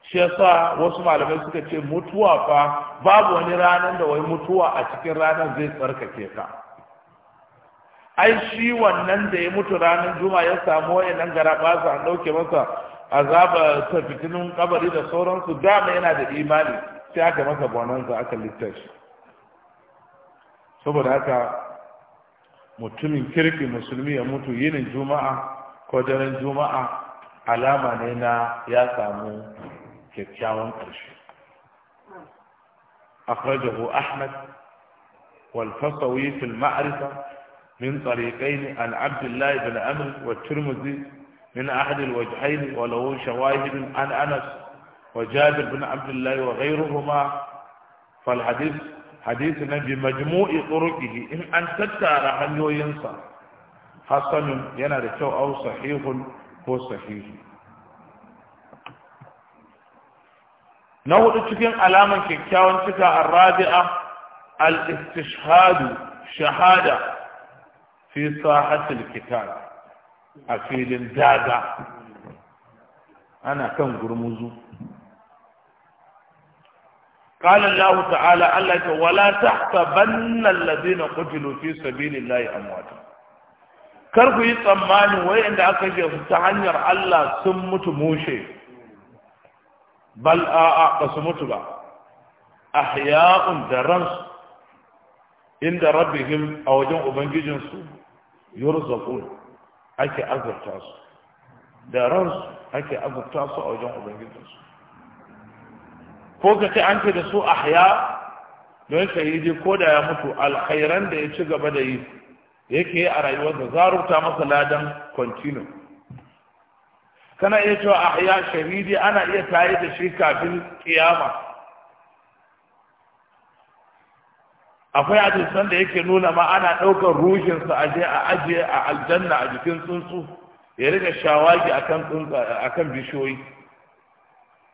shi yasa wasu malamai suka ce mutuwa fa babu wani ranar da wai mutuwa a cikin ranar zai tsarkake ka ai shi wannan da ya mutu ranar juma'a ya samu wayannan garaba su an dauke masa azaba ta fitinin kabari da sauransu dama yana da imani sai aka masa bonanza aka littashi saboda haka mutumin kirki musulmi ya mutu yinin juma'a ko daren juma'a alama ne na ya samu kyakkyawan ƙarshe Ahmad, أحمد والفصوي في المعرفة من طريقين عن عبد الله بن عمرو والترمذي من أحد الوجهين وله شواهد عن أنس وجابر بن عبد الله وغيرهما فالحديث حديثنا بمجموع طرقه إن أن تتار أن ينسى حسن ينرتو أو صحيح هو صحيح نقول hudu ألاما alaman kyakkyawan cika arrabi'a al-istishhadu shahada fi a filin daga ana kan gurmuzu قال الله تعالى الله ولا تحسبن الذين قتلوا في سبيل الله امواتا kar ku yi tsammani wai inda aka je su ta hanyar Allah sun mutu mushe bal a'a ba mutu ba ahya'un da ransu inda rabbihim a wajen ubangijinsu yurzaqun ake azurta su da ransu ake azurta su a wajen ubangijinsu ko ka ce an ce da su a haya don yi ko da ya mutu alkhairan da ya ci gaba da yi yake yi a rayuwarsa zarurta masa ladan continue kana iya cewa a haya shahidi ana iya tayi da shi kafin kiyama akwai hadisan da yake nuna ma ana ɗaukar ruhinsa a je a aje a aljanna a jikin tsuntsu ya riga shawagi akan tsuntsu akan bishiyoyi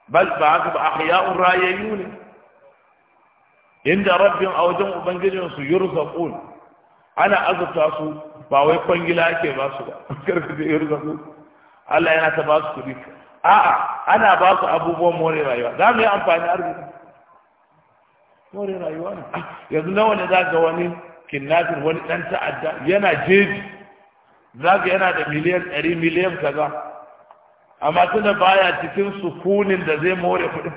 bal ba haka ba ahya'un ne inda rabbin a wajen ubangijin su yurzaqun ana azurta su ba wai kwangila ake ba su ba karku da yurzaqun Allah yana ta ba su kuɗi a'a ana ba su abubuwan more rayuwa za mu yi amfani arziki more rayuwa ne yanzu nawa ne za ga wani kinnafin wani ɗan ta'adda yana jeji za ga yana da miliyan ɗari miliyan kaza amma tunda baya cikin sukunin da zai more kuɗin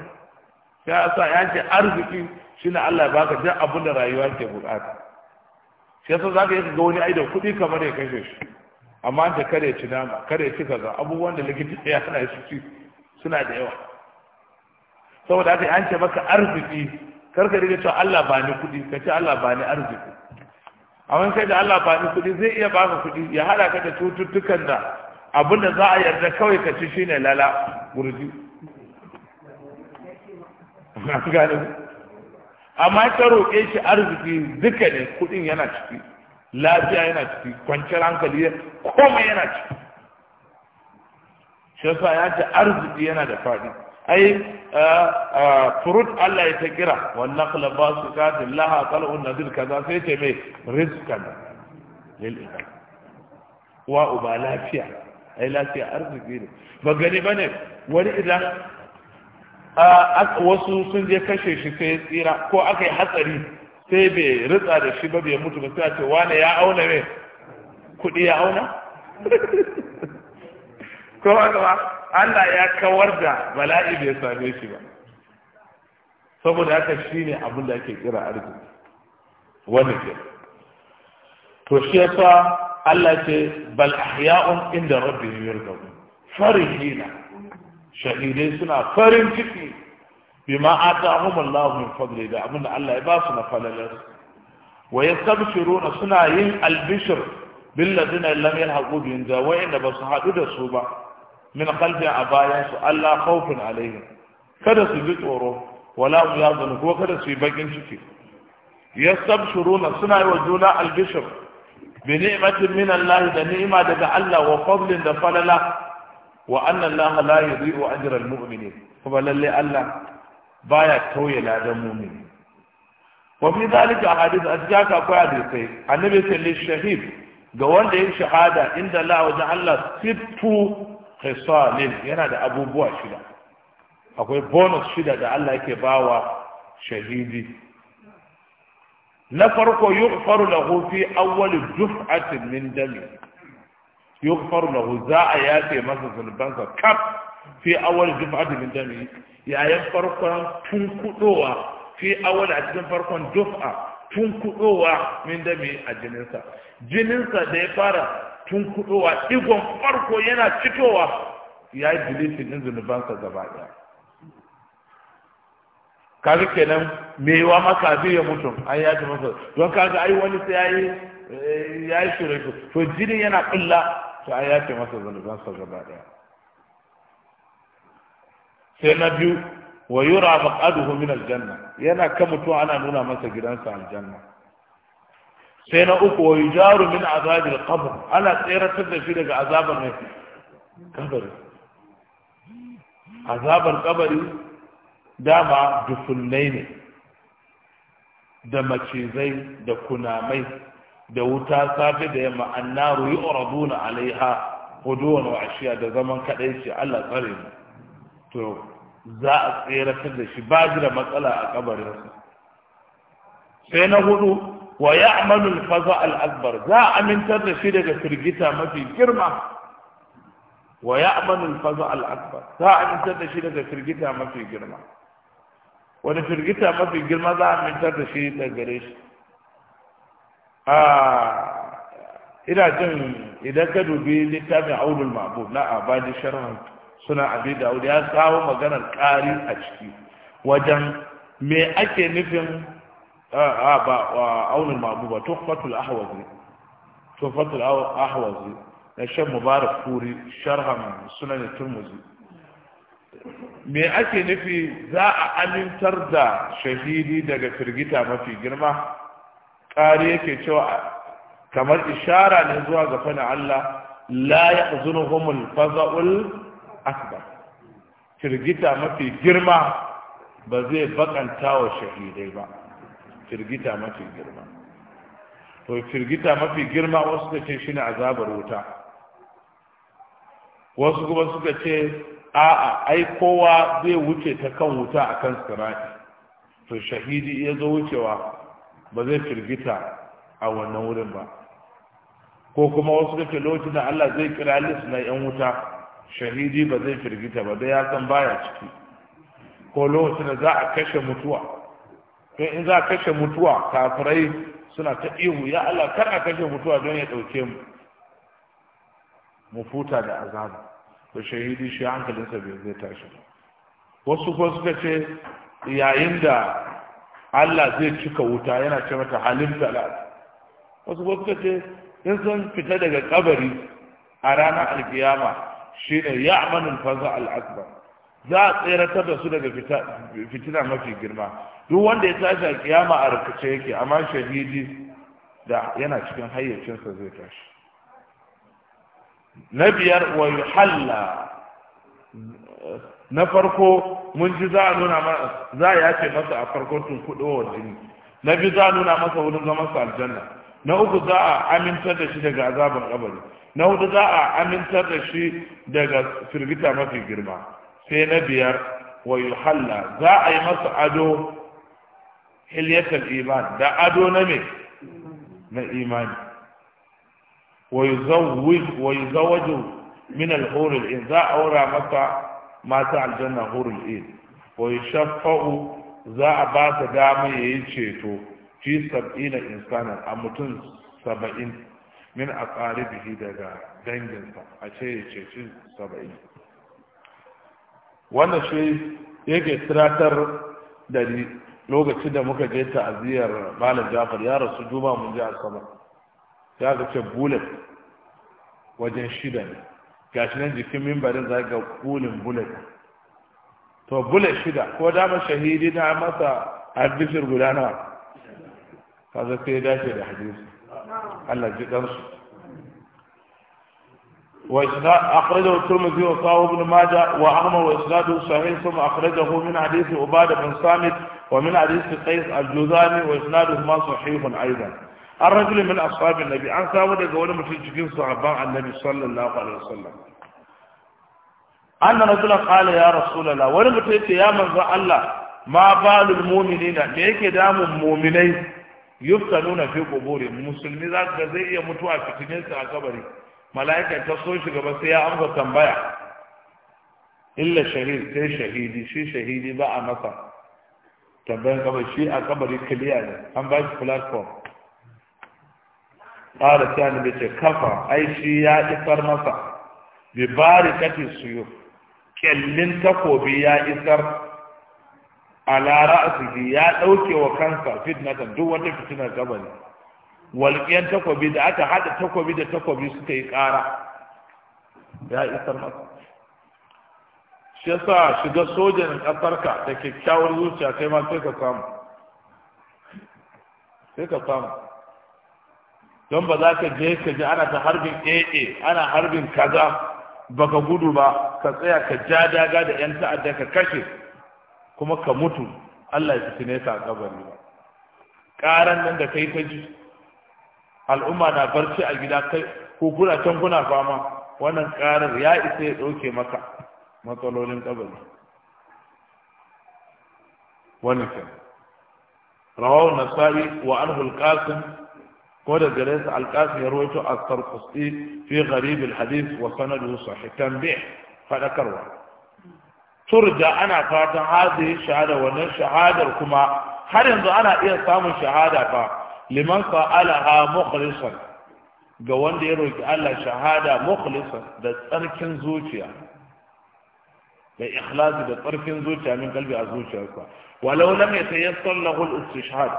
ya sa ya ce arziki shine Allah ya baka duk abin da rayuwa ke bukata shi yasa za ka yi ga wani ai da kuɗi kamar ya kashe shi amma da kare ci nama kare ci kaza abubuwan da likita ya sa shi suna da yawa saboda haka an ce maka arziki karka riga cewa Allah ba ni kuɗi ka ce Allah ba ni arziki amma kai da Allah ba ni kuɗi zai iya baka kuɗi ya hada ka da cututtukan da abin da za a yarda kawai ka ci shine lala gurji amma ka roƙe shi arziki duka ne kuɗin yana ciki lafiya yana ciki kwanciyar hankali komai yana ciki shi yasa ya ce arziki yana da faɗi ai furut Allah ya ta kira wan naqla basikatin laha qal'un nadir kaza sai ce mai rizqan lil ibad wa uba lafiya ai lafiya arziki ne ba gani bane wani idan wasu sun je kashe shi sai tsira ko aka yi hatsari sai bai ritsa da shi ba bai mutu ba sai a ce wane ya auna mai kuɗi ya auna ko ba Allah ya kawar da bala'i bai same shi ba saboda haka shi ne abin da ake kira arziki Wani ke to shi yasa Allah ce bal ahya'un inda rabbihim yurzaqun farihina shahidai suna farin ciki bima atahum Allah min fadli da abin da Allah ya ba su na falalar wa ya yastabshiruna suna yin albishir bil ladina lam yalhaqu bihim da wa'inda ba su hadu da su ba min khalfi a bayan su Allah khawfun alaihim kada su ji tsoro wala ya yazun ko kada su yi bakin ciki yastabshuruna suna yi wa juna albishir bi ni'matin min Allah da ni'ima daga Allah wa fadlin da falala wa anna Allah la yudhi'u ajra almu'minin kuma lalle Allah baya tauye ladan mu'mini wa fi zalika hadith asjaka akwai hadisai annabi sallallahu alaihi shahid ga wanda ya shahada inda la wajen Allah sittu khisalin yana da abubuwa shida akwai bonus shida da Allah yake bawa shahidi na farko yughfaru lahu fi awwal duf'atin min dami yughfaru lahu za a yafe masa zunubansa kaf fi awwal duf'atin min dami yayin farkon tunkudowa fi awwal a cikin farkon duf'a tunkudowa min dami a jininsa jininsa da ya fara tun kudowa igon farko yana fitowa ya yi deletin din zunubansa gaba ɗaya kaga kenan me yawa maka zai ya mutu an ya ji masa don kaga ai wani sai ya yi eh, ya yi to jini yana ɓilla, to an ya ce masa zunubansa gaba ɗaya sai na biyu wa yura maqaduhu min aljanna yana kan mutum ana nuna masa gidansa aljanna sai na uku wa yujaru min azabil qabr ana tseratar da shi daga azabar ne kabari azabar kabari dama dufunnai ne da macizai da kunamai da wuta safe da yamma annaru yu'raduna alaiha huduwan wa ashiya da zaman kadai ce Allah tsare mu to za a tseratar da shi ba da matsala a kabarin sai na hudu wa ya'malu al-faza al-akbar za a amintar da shi daga firgita mafi girma wa ya'malu al-faza al-akbar za a amintar da shi daga firgita mafi girma wani firgita mafi girma za a amintar da shi daga gare shi ina jin idan ka dubi littafin aulul ma'bud na abadi sharhan suna abi da ya kawo maganar ƙari a ciki wajen me ake nufin a ba aunin mamu ba tuhfatul ahwazi tuhfatul ahwazi na shan mubarak kuri sharhan sunan turmuzi me ake nufi za a amintar da shahidi daga firgita mafi girma ƙari yake cewa kamar ishara ne zuwa ga fana Allah la ya faza'ul akbar firgita mafi girma ba zai bakanta wa shahidai ba firgita mafi girma to firgita mafi girma wasu da ce shine azabar wuta wasu kuma suka ce a'a ai kowa zai wuce ta kan wuta a kan sirati to shahidi ya zo wucewa ba zai firgita a wannan wurin ba ko kuma wasu da lokacin da Allah zai kira lis na yan wuta shahidi ba zai firgita ba da ya san baya ciki ko lokacin da za a kashe mutuwa kai in za kashe mutuwa kafirai suna ta ihu ya Allah kar a kashe mutuwa don ya ɗauke mu mu futa da azabu da shahidi shi hankalinsa bai zai tashi wasu ko suka ce yayin da Allah zai cika wuta yana ce mata Halim talat wasu ko suka ce in sun fita daga kabari a ranar alkiyama shine ya faza al-akbar za a tseratar da su daga fitina mafi girma duk wanda ya tashi a kiyama a rikice yake amma shahidi da yana cikin hayyacinsa zai tashi na biyar wa yuhalla na farko mun ji za a nuna za a yace masa a farkon wa jini na biyu za a nuna masa wurin zama sa aljanna na uku za a amintar da shi daga azaban kabari na hudu za a amintar da shi daga firgita mafi girma sai na biyar wa yuhalla za a yi masa ado hilyatar iman da ado na me na imani wa yi zawajo min alhurul in za wura masa mata aljanna hurul in wa shafa'u za a ba ta dama yi ceto fi sab'ina insanan a mutum saba'in min a bihi daga danginsa a ce ya ceci saba'in wannan shi yake tiratar da ni lokacin da muka je ta'aziyar malam jafar ya rasu juma mun ji asama ya ga ce bullet wajen shida ne gashi nan jikin mimbarin za ga kulin bullet to bullet shida ko dama shahidi na masa hadisir guda nawa kaza sai ya dace da hadisi Allah ji su وإسناد أخرجه الترمذي وصاحب ابن ماجه وأحمد وإسناده صحيح ثم أخرجه من حديث عبادة بن صامت ومن حديث قيس الجوزاني ما صحيح أيضا الرجل من أصحاب النبي عن ثابت يقول مشركين صحابة النبي صلى الله عليه وسلم أن رجلا قال يا رسول الله ولم يا من الله ما بال المؤمنين me دام المؤمنين يفتنون في قبورهم المسلمين ذاك زي ka zai iya mutuwa mala'ika ta so shi gaba sai ya amsa tambaya illa shahid sai shahidi shi shahidi ba a masa tambayan kabar shi a kabari kiliya ne an ba shi platform ƙara ta ni ce kafa ai shi ya isar masa bi bari kati suyu kyallin takobi ya isar a lara ya ɗauke wa kansa fitnatan duk wata fitinar kabari Walƙiyar takobi da aka haɗa takobi da takobi suka yi ƙara ya isar masa shi yasa shiga sojan ƙasarka da kyakkyawar zuciya kai ma sai ka samu sai ka samu don ba za ka je ka ji ana ta harbin aa ana harbin kaza baka gudu ba ka tsaya ka ja daga da 'yan ta'adda ka kashe kuma ka mutu Allah ya fitine ka a kabari ba ƙaran nan da kai ta ji al'umma na barci a gida kai ko kuna can kuna fama wannan karar ya isa ya ɗauke maka matsalolin kabari wannan kan rawahu nasa'i wa anhu al-qasim ko da gare sa al-qasim ya rawaito as-sarqusti fi gharib al wa wa sanaduhu sahih tanbih faɗakarwa. turja ana fatan hadhihi shahada wannan shahadar kuma har yanzu ana iya samun shahada ba. liman fa'alaha mukhlishan ga wanda ya roki Allah shahada mukhlishan da tsarkin zuciya da ikhlasi da tsarkin zuciya min kalbi a zuciyarsa walau lam yatayassar lahu al-istishhad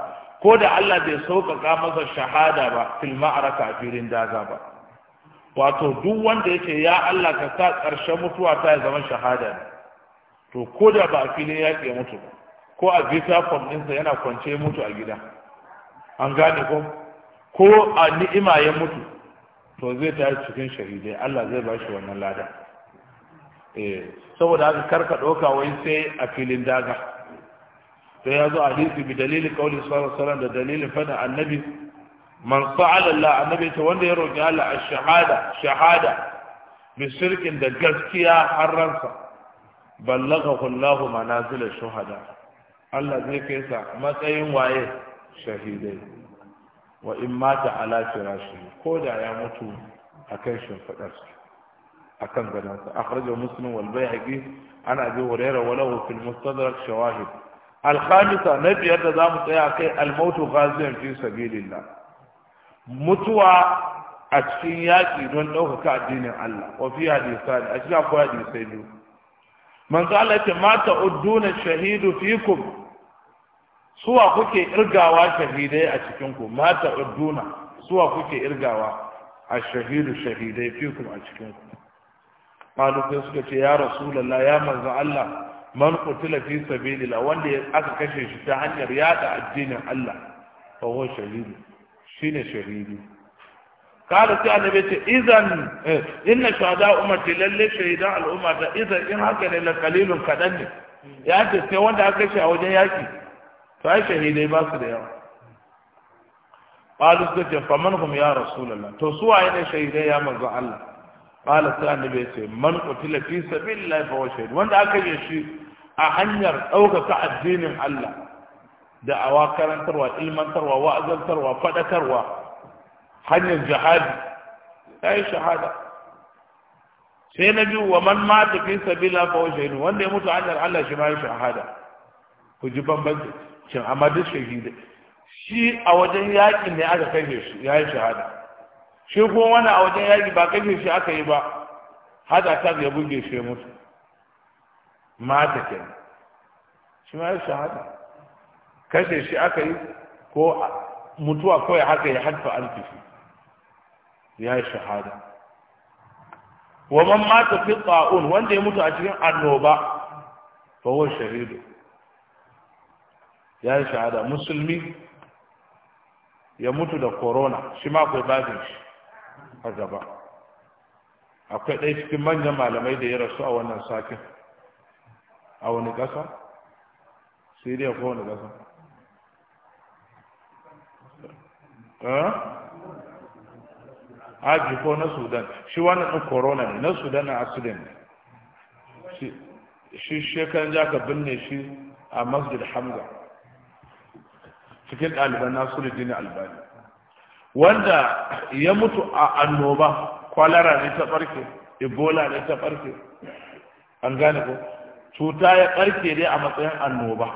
ko da Allah bai sauƙaƙa masa shahada ba fil ma'araka a daga ba wato duk wanda yake ya Allah ka sa ƙarshen mutuwa ta ya zama shahada ne to ko da ba a filin yaƙi ya mutu ba ko a bisa form ɗinsa yana kwance mutu a gida an gane ko ko a ni'ima ya mutu to zai tashi cikin shahidai Allah zai ba shi wannan lada eh saboda haka karka ɗauka wai sai a filin daga sai ya zo a hadisi bi dalilin kauli sallallahu alaihi wasallam da dalilin fada annabi man sa'ala Allah annabi ta wanda ya roki Allah ash-shahada shahada bi shirkin da gaskiya har ransa ballaghahu Allah manazil ash-shuhada Allah zai kai sa matsayin waye shahidai wa in mata ala firashi ko da ya mutu akan shimfidarsa akan gadansa akhrajahu muslim wal bayhaqi an abi hurairah wa wala fil mustadrak shawahid al na biyar da zamu tsaya kai al mautu fi sabilillah mutuwa a cikin yaƙi don ɗaukaka addinin Allah wa fi hadisani a cikin akwai hadisai biyu manzo Allah ya ce mata udduna shahidu fikum suwa kuke irgawa shahidai a cikin ku mata urduna suwa kuke irgawa a shahidu shahidai fikum a cikin ku malukai suka ce ya rasulullah ya manzo Allah man qutila fi sabilillah wanda aka kashe shi ta hanyar yada addinin Allah fa huwa shahidu shine shahidi قال تعالى lalle اذا ان شهداء امتي in haka ne اذا ان هكذا ne." ya ce sai wanda aka kashe a wajen yaki to ai shahidai ba su da yawa qalu suka ce faman hum ya rasulullah to su waye ne shahidai ya manzo Allah qala sai annabi ya ce man qutila fi sabilillahi fa huwa shahid wanda aka yi shi a hanyar ɗaukaka addinin Allah da awa karantarwa ilmantarwa wa'azantarwa fadakarwa hanyar jihadi sai yi shahada sai na biyu wa man mata fi sabila fa huwa shahid wanda ya mutu hanyar Allah shi ma ya shahada ku ji bambanci cin amma duk shahidi shi a wajen yaƙi ne aka kashe shi ya yi shahada shi kuma wani a wajen yaƙi ba kashe shi aka yi ba hada ta ya buge shi mutu mata ke shi ma ya shahada kashe shi aka yi ko mutuwa kawai haka ya hadfa alfifi ya yi shahada wa man mata fi ta'un wanda ya mutu a cikin annoba fa huwa shahidu ya yi shahada musulmi ya mutu da corona shi ma akwai babin shi a gaba akwai ɗaya cikin manyan malamai da ya rasu a wannan sakin a wani ƙasa siriya ko wani ƙasa eh? aji ko na sudan shi wani ɗin corona ne na sudan na asirin ne shi shekaran jaka binne shi a masjid hamza cikin ɗaliban nasiruddin albani wanda ya mutu a annoba kwalara ne ta ɓarke, ebola ne ta ɓarke, an gane ko cuta ya ɓarke dai a matsayin annoba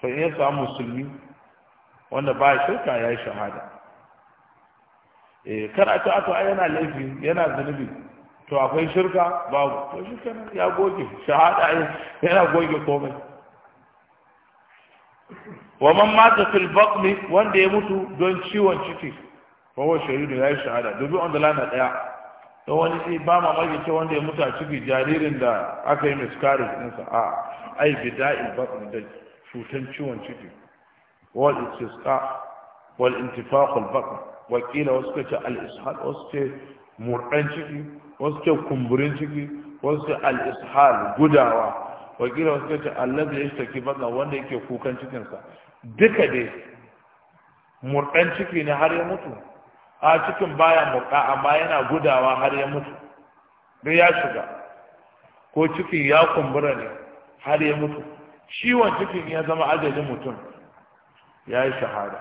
to in ya samu musulmi wanda ba shirka ya yi shahada e kar a ta to yana laifi yana zunubi to akwai shirka babu to shirka ya goge shahada yana goge komai wa man mata fil batni wanda ya mutu don ciwon ciki fa huwa shahidu ya yi shahada dubi on da lana daya to wani ba ma mamaki ce wanda ya mutu a ciki jaririn da aka yi miscarriage sa a ai bida'il batni da cutan ciwon ciki wal istisqa wal intifaq al batn wa qila wasu ce al ishal wasu ce murdan ciki wasu ce kumburin ciki wasu ce al ishal gudawa wakila wasu ce allazi yashtaki batna wanda yake kukan cikinsa duka dai murɗan ciki ne har ya mutu a cikin baya murɗa amma yana gudawa har ya mutu duk ya shiga ko cikin ya kumbura ne har ya mutu ciwon cikin ya zama ajalin mutum ya yi shahada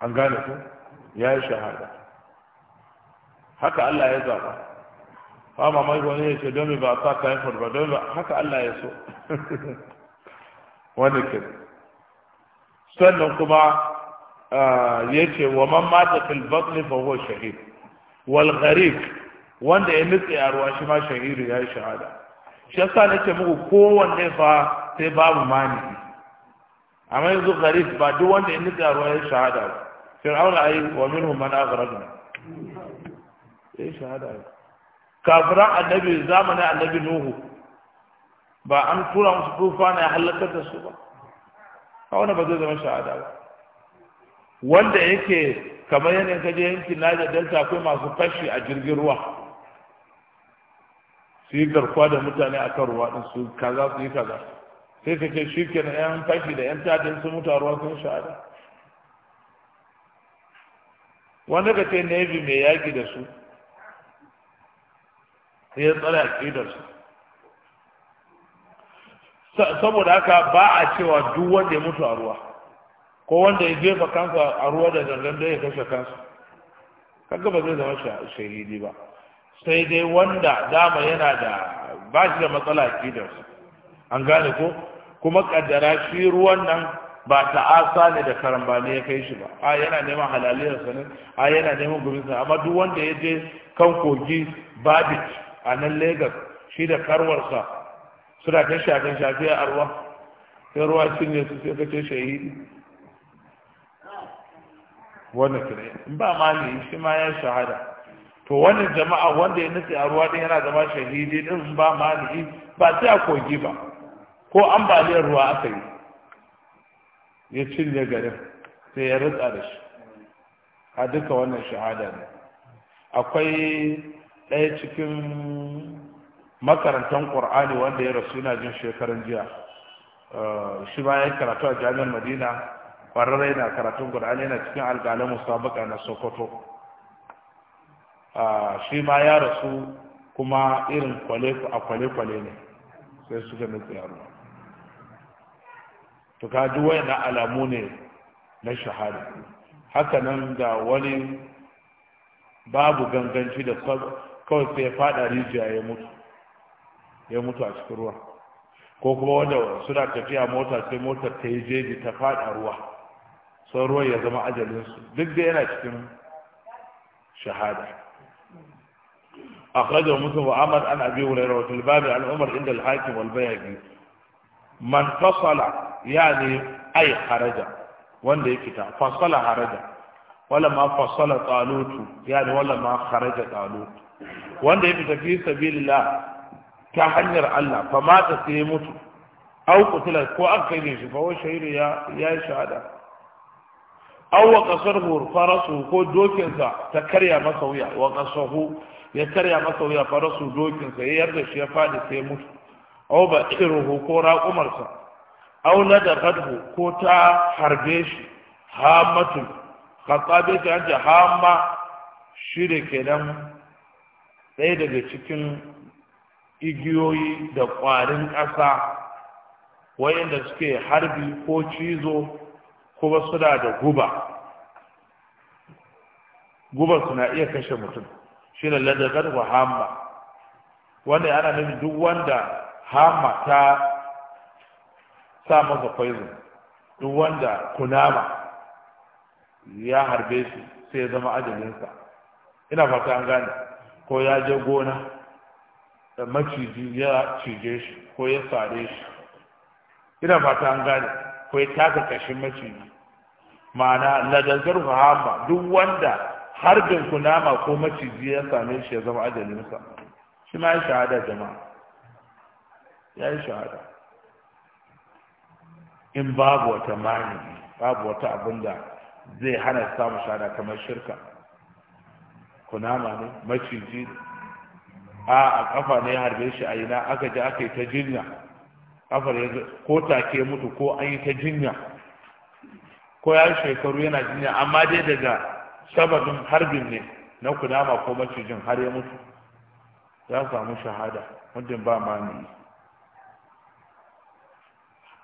an gane ku ya yi shahada haka Allah ya zaba ba ma mai wani ya ce don ba a sa kayan ba don haka Allah ya so wani kiri sannan kuma ya ce wa man mata fil batni fa huwa shahid wal gharib wanda ya nutse a ruwa shi ma shahidu ya yi shahada shi yasa ce muku kowanne fa sai babu mani amma yanzu gharib ba duk wanda ya nutse a ruwa ya yi shahada ba fir'auna ai wa min minhum man aghraqna ya yi shahada ba kafiran annabi zamanin annabi nuhu ba an tura musu tufa ya halakar da su ba Ka wani ba zai zama shahada ba wanda yake kamar yanayin kaje yankin Niger Delta akwai masu fashi a jirgin ruwa su yi garkuwa da mutane a kan ruwa su kaza su yi kaza sai ka ce shi na yan fashi da yan tadin sun mutu a ruwa sun shahada wanda ka ce navy mai yaki da su sai ya tsara a su saboda haka ba a cewa duk wanda ya mutu a ruwa ko wanda ya jefa kansa a ruwa da gangan da ya kashe kansa kaga ba zai zama shahidi ba sai dai wanda dama yana da ba shi da matsala a kidarsa an gane ko kuma kaddara shi ruwan nan ba ta'asa ne da karambani ya kai shi ba a yana neman halaliyarsa ne a yana neman sa amma duk wanda ya je kan kogi babit a nan lagos shi da karwarsa suna ta shafin shafi a arwa sai ruwa cinye su sai ka ce shahidi wannan kire in ba ma ne shi ma ya shahada to wannan jama'a wanda ya nufi a ruwa din yana zama shahidi din ba ma ne ba sai a kogi ba ko ambaliyar ruwa aka yi ya cinye garin sai ya rutsa da shi a duka wannan shahada ne akwai ɗaya cikin Makarantar ƙwar'ani wanda ya rasu na jin shekaran jiya uh, shi yi karatu a jami'ar madina ƙwararrai na karatun ƙwar'ani yana cikin alƙalin musabaka na sokoto uh, shi ma ya rasu kuma irin kwale-kwale ne sai suka nufi yaro to ka ji alamu ne na shahada haka nan da wani babu ganganci da kawai sai ya fada rijiya ya mutu ya mutu a cikin ruwa ko kuma wanda suna tafiya mota sai motar ta yi jeji ta faɗa ruwa sun ruwan ya zama ajalin su duk da yana cikin shahada akhraja muslim wa amr an abi hurayra wa tilbabi umar inda al hakim wal bayhaqi man fasala yani ay kharaja wanda yake ta fasala kharaja wala ma fasala talut yani wala ma kharaja talut wanda yake tafi sabilillah ta hanyar Allah fa mata sai mutu aw qutila ko an kai ne shi fa wa shahidu ya ya shahada aw wa qasarhu farasu ko dokinsa ta karya masa wuya wa qasahu ya karya masa wuya farasu dokinsa ya yarda shi ya fadi sai mutu aw ba iruhu ko sa aw nadaqathu ko ta harbe shi hamatu khattabi ta hamma shi da kenan ɗaya daga cikin igiyoyi da ƙwarin ƙasa wayanda suke harbi ko cizo kuma suna da guba guba suna iya kashe mutum shi ne ladagar wa hama wanda ana nufi duk wanda hama ta sa masa poison duk wanda kunama ya harbe shi sai ya zama ajalinsa ina fata an gane ko ya je gona maciji ya cije shi ko ya sare shi ina fata an gane ko ya taka kashin maciji ma'ana ladazar hama duk wanda harbin kunama ko maciji ya same shi ya zama ajalinsa shi ma ya shahada jama'a ya yi shahada in babu wata mani babu wata abin da zai hana samun shahada kamar shirka kunama ne maciji a a kafa ne ya harbe shi a ina aka ji aka yi ta jinya kafar ya ko take mutu ko an yi ta jinya ko ya shekaru yana jinya amma dai daga sababin harbin ne na kunama ko macijin har ya mutu ya samu shahada muddin ba ne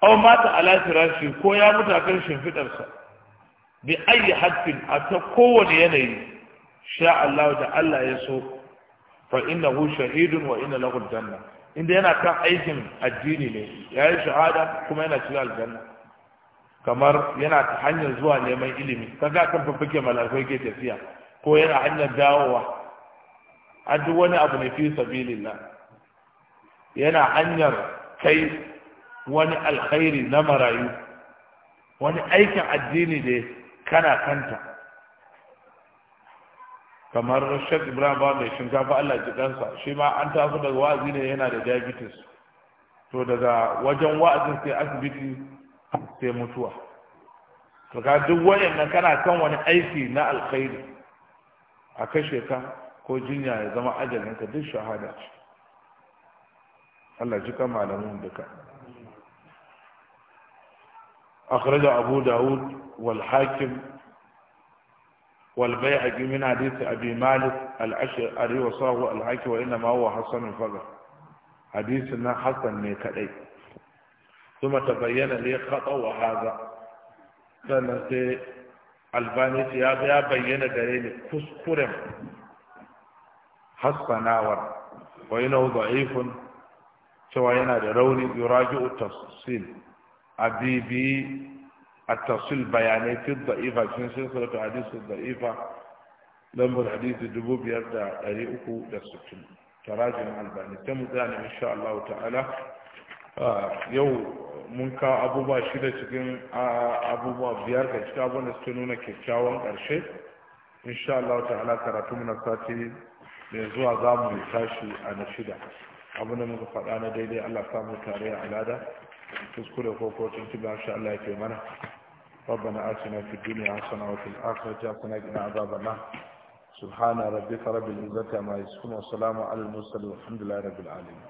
aw mata ala firashi ko ya mutu akan shimfidarsa bi ayi hadfin a ta kowane yanayi sha Allah da Allah ya so fa hu shahidun wa inna lahu janna inda yana kan aikin addini ne Ya yi shahada kuma yana cikin aljanna kamar yana ta hanyar zuwa neman ilimi kaga kan fafike malakai ke tafiya ko yana hanyar dawowa a duk wani abu ne fi sabilillah yana hanyar kai wani alkhairi na marayu wani aikin addini ne kana kanta kamar shek ibrahim ba mai shinkafa allah jikansa shi ma an taso daga wa'azi ne yana da diabetes to daga wajen wa'azin sai asibiti sai mutuwa to ka duk wayannan kana kan wani aiki na alkhairi a kashe ka ko jinya ya zama ka duk shahada ce Allah ji malamin duka akhraja abu daud wal hakim والبيهقي من حديث أبي مالك الأشعري وصاه الحكي وإنما هو حسن فقط حديثنا حسن نيكالي ثم تبين لي خطأ وهذا سنة الباني يا بين دليل كسكرم حسناور وإنه ضعيف سوى ينادي روني يراجع التفصيل أبي بي التفصيل بياني في الضعيفة في سلسلة حديث الضعيفة لمبر حديث الدبوب يبدأ أريئكو للسكين تراجم الباني تم إن شاء الله تعالى yau mun ka abubuwa shida cikin abubuwa biyar ga cikin abubuwan da suke nuna kyakkyawan ƙarshe insha Allah ta'ala karatu mu na sati mai zuwa za mu tashi a na shida muka faɗa na daidai Allah samu tare a kuskure ko ko cin cin shi Allah yake mana rabbana atina fi dunya hasana wa fil akhirati hasana wa qina azaban nar subhana rabbika rabbil izzati ma yasifun wa salamun alal mursalin walhamdulillahi alamin